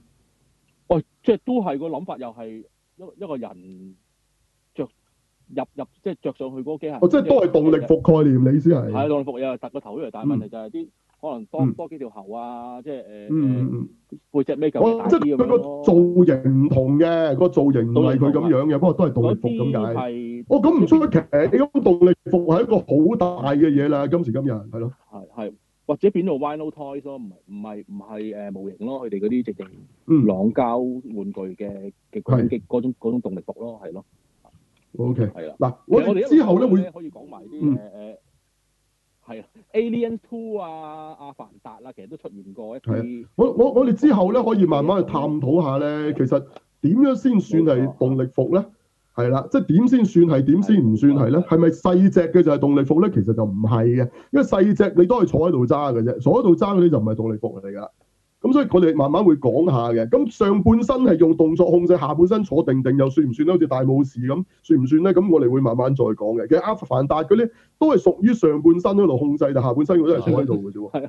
哦，即係都係個諗法，又係一一個人著入入，即係着上去嗰、哦、個機械。即係都係動力服概念，意思係。係動力服又係凸個頭出嚟，但係問題就係、係、啲。嗯可能多多幾條喉啊，即係誒，背脊咩狗咁樣咯？哦，即係佢個造型唔同嘅，個造型都係佢咁樣嘅，不過都係動力服咁解。哦，咁唔出奇，咁動力服係一個好大嘅嘢啦，今時今日係咯。係係，或者變到 Vinyl Toys 咯，唔係唔係唔係誒模型咯，佢哋嗰啲直情狼膠玩具嘅嘅嗰種嗰種動力服咯，係咯。OK。係啦，嗱，我哋之後咧會可以講埋啲誒誒。係啊，Aliens Two 啊，阿凡達啦，其實都出現過一次。我我我哋之後咧，可以慢慢去探討下咧，其實點樣先算係動力服咧？係啦，即係點先算係，點先唔算係咧？係咪細隻嘅就係動力服咧？其實就唔係嘅，因為細隻你都係坐喺度揸嘅啫，坐喺度揸嗰啲就唔係動力服嚟噶。咁、嗯、所以我哋慢慢會講下嘅。咁上半身係用動作控制，下半身坐定定又算唔算咧？好似大武士咁算唔算咧？咁我哋會慢慢再講嘅。其實阿凡達佢咧都係屬於上半身喺度控制，但下半身嗰啲係坐喺度嘅啫喎。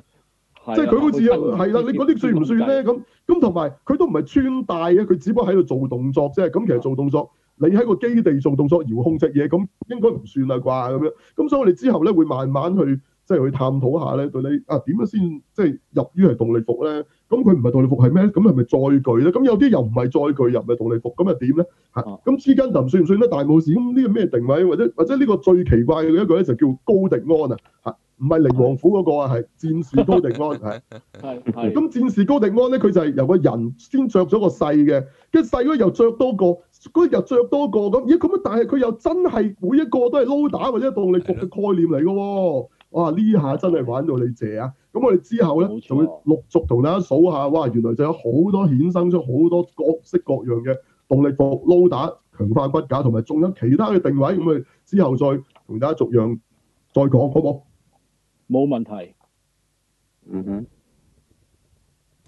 啊，即係佢好似係啦。你嗰啲算唔算咧？咁咁同埋佢都唔係穿戴嘅，佢只不過喺度做動作啫。咁其實做動作，你喺個基地做動作，遙控隻嘢，咁應該唔算啦啩咁樣。咁、嗯、所以我哋之後咧會慢慢去。即係去探討下咧，對你啊點樣先即係入於係動力服咧？咁佢唔係動力服係咩咁係咪載具咧？咁有啲又唔係載具，又唔係動力服，咁又點咧？嚇、啊！咁斯金滕算唔算得大武士？咁呢個咩定位？或者或者呢個最奇怪嘅一個咧，就叫高迪安啊！嚇，唔係靈王府嗰、那個啊，係戰士高迪安係係咁戰士高迪安咧，佢就係由人個人先着咗個細嘅，跟細嗰又着多個，嗰、那個、又着多個咁，咦咁但係佢又真係每一個都係撈打或者動力服嘅概念嚟㗎喎。哇！呢下真係玩到你謝啊！咁我哋之後咧，就會錯陸續同大家數下，哇！原來就有好多衍生出好多各式各樣嘅動力服、撈打、強化骨架，同埋仲有其他嘅定位。咁我哋之後再同大家逐樣再講，好冇？冇問題。嗯哼。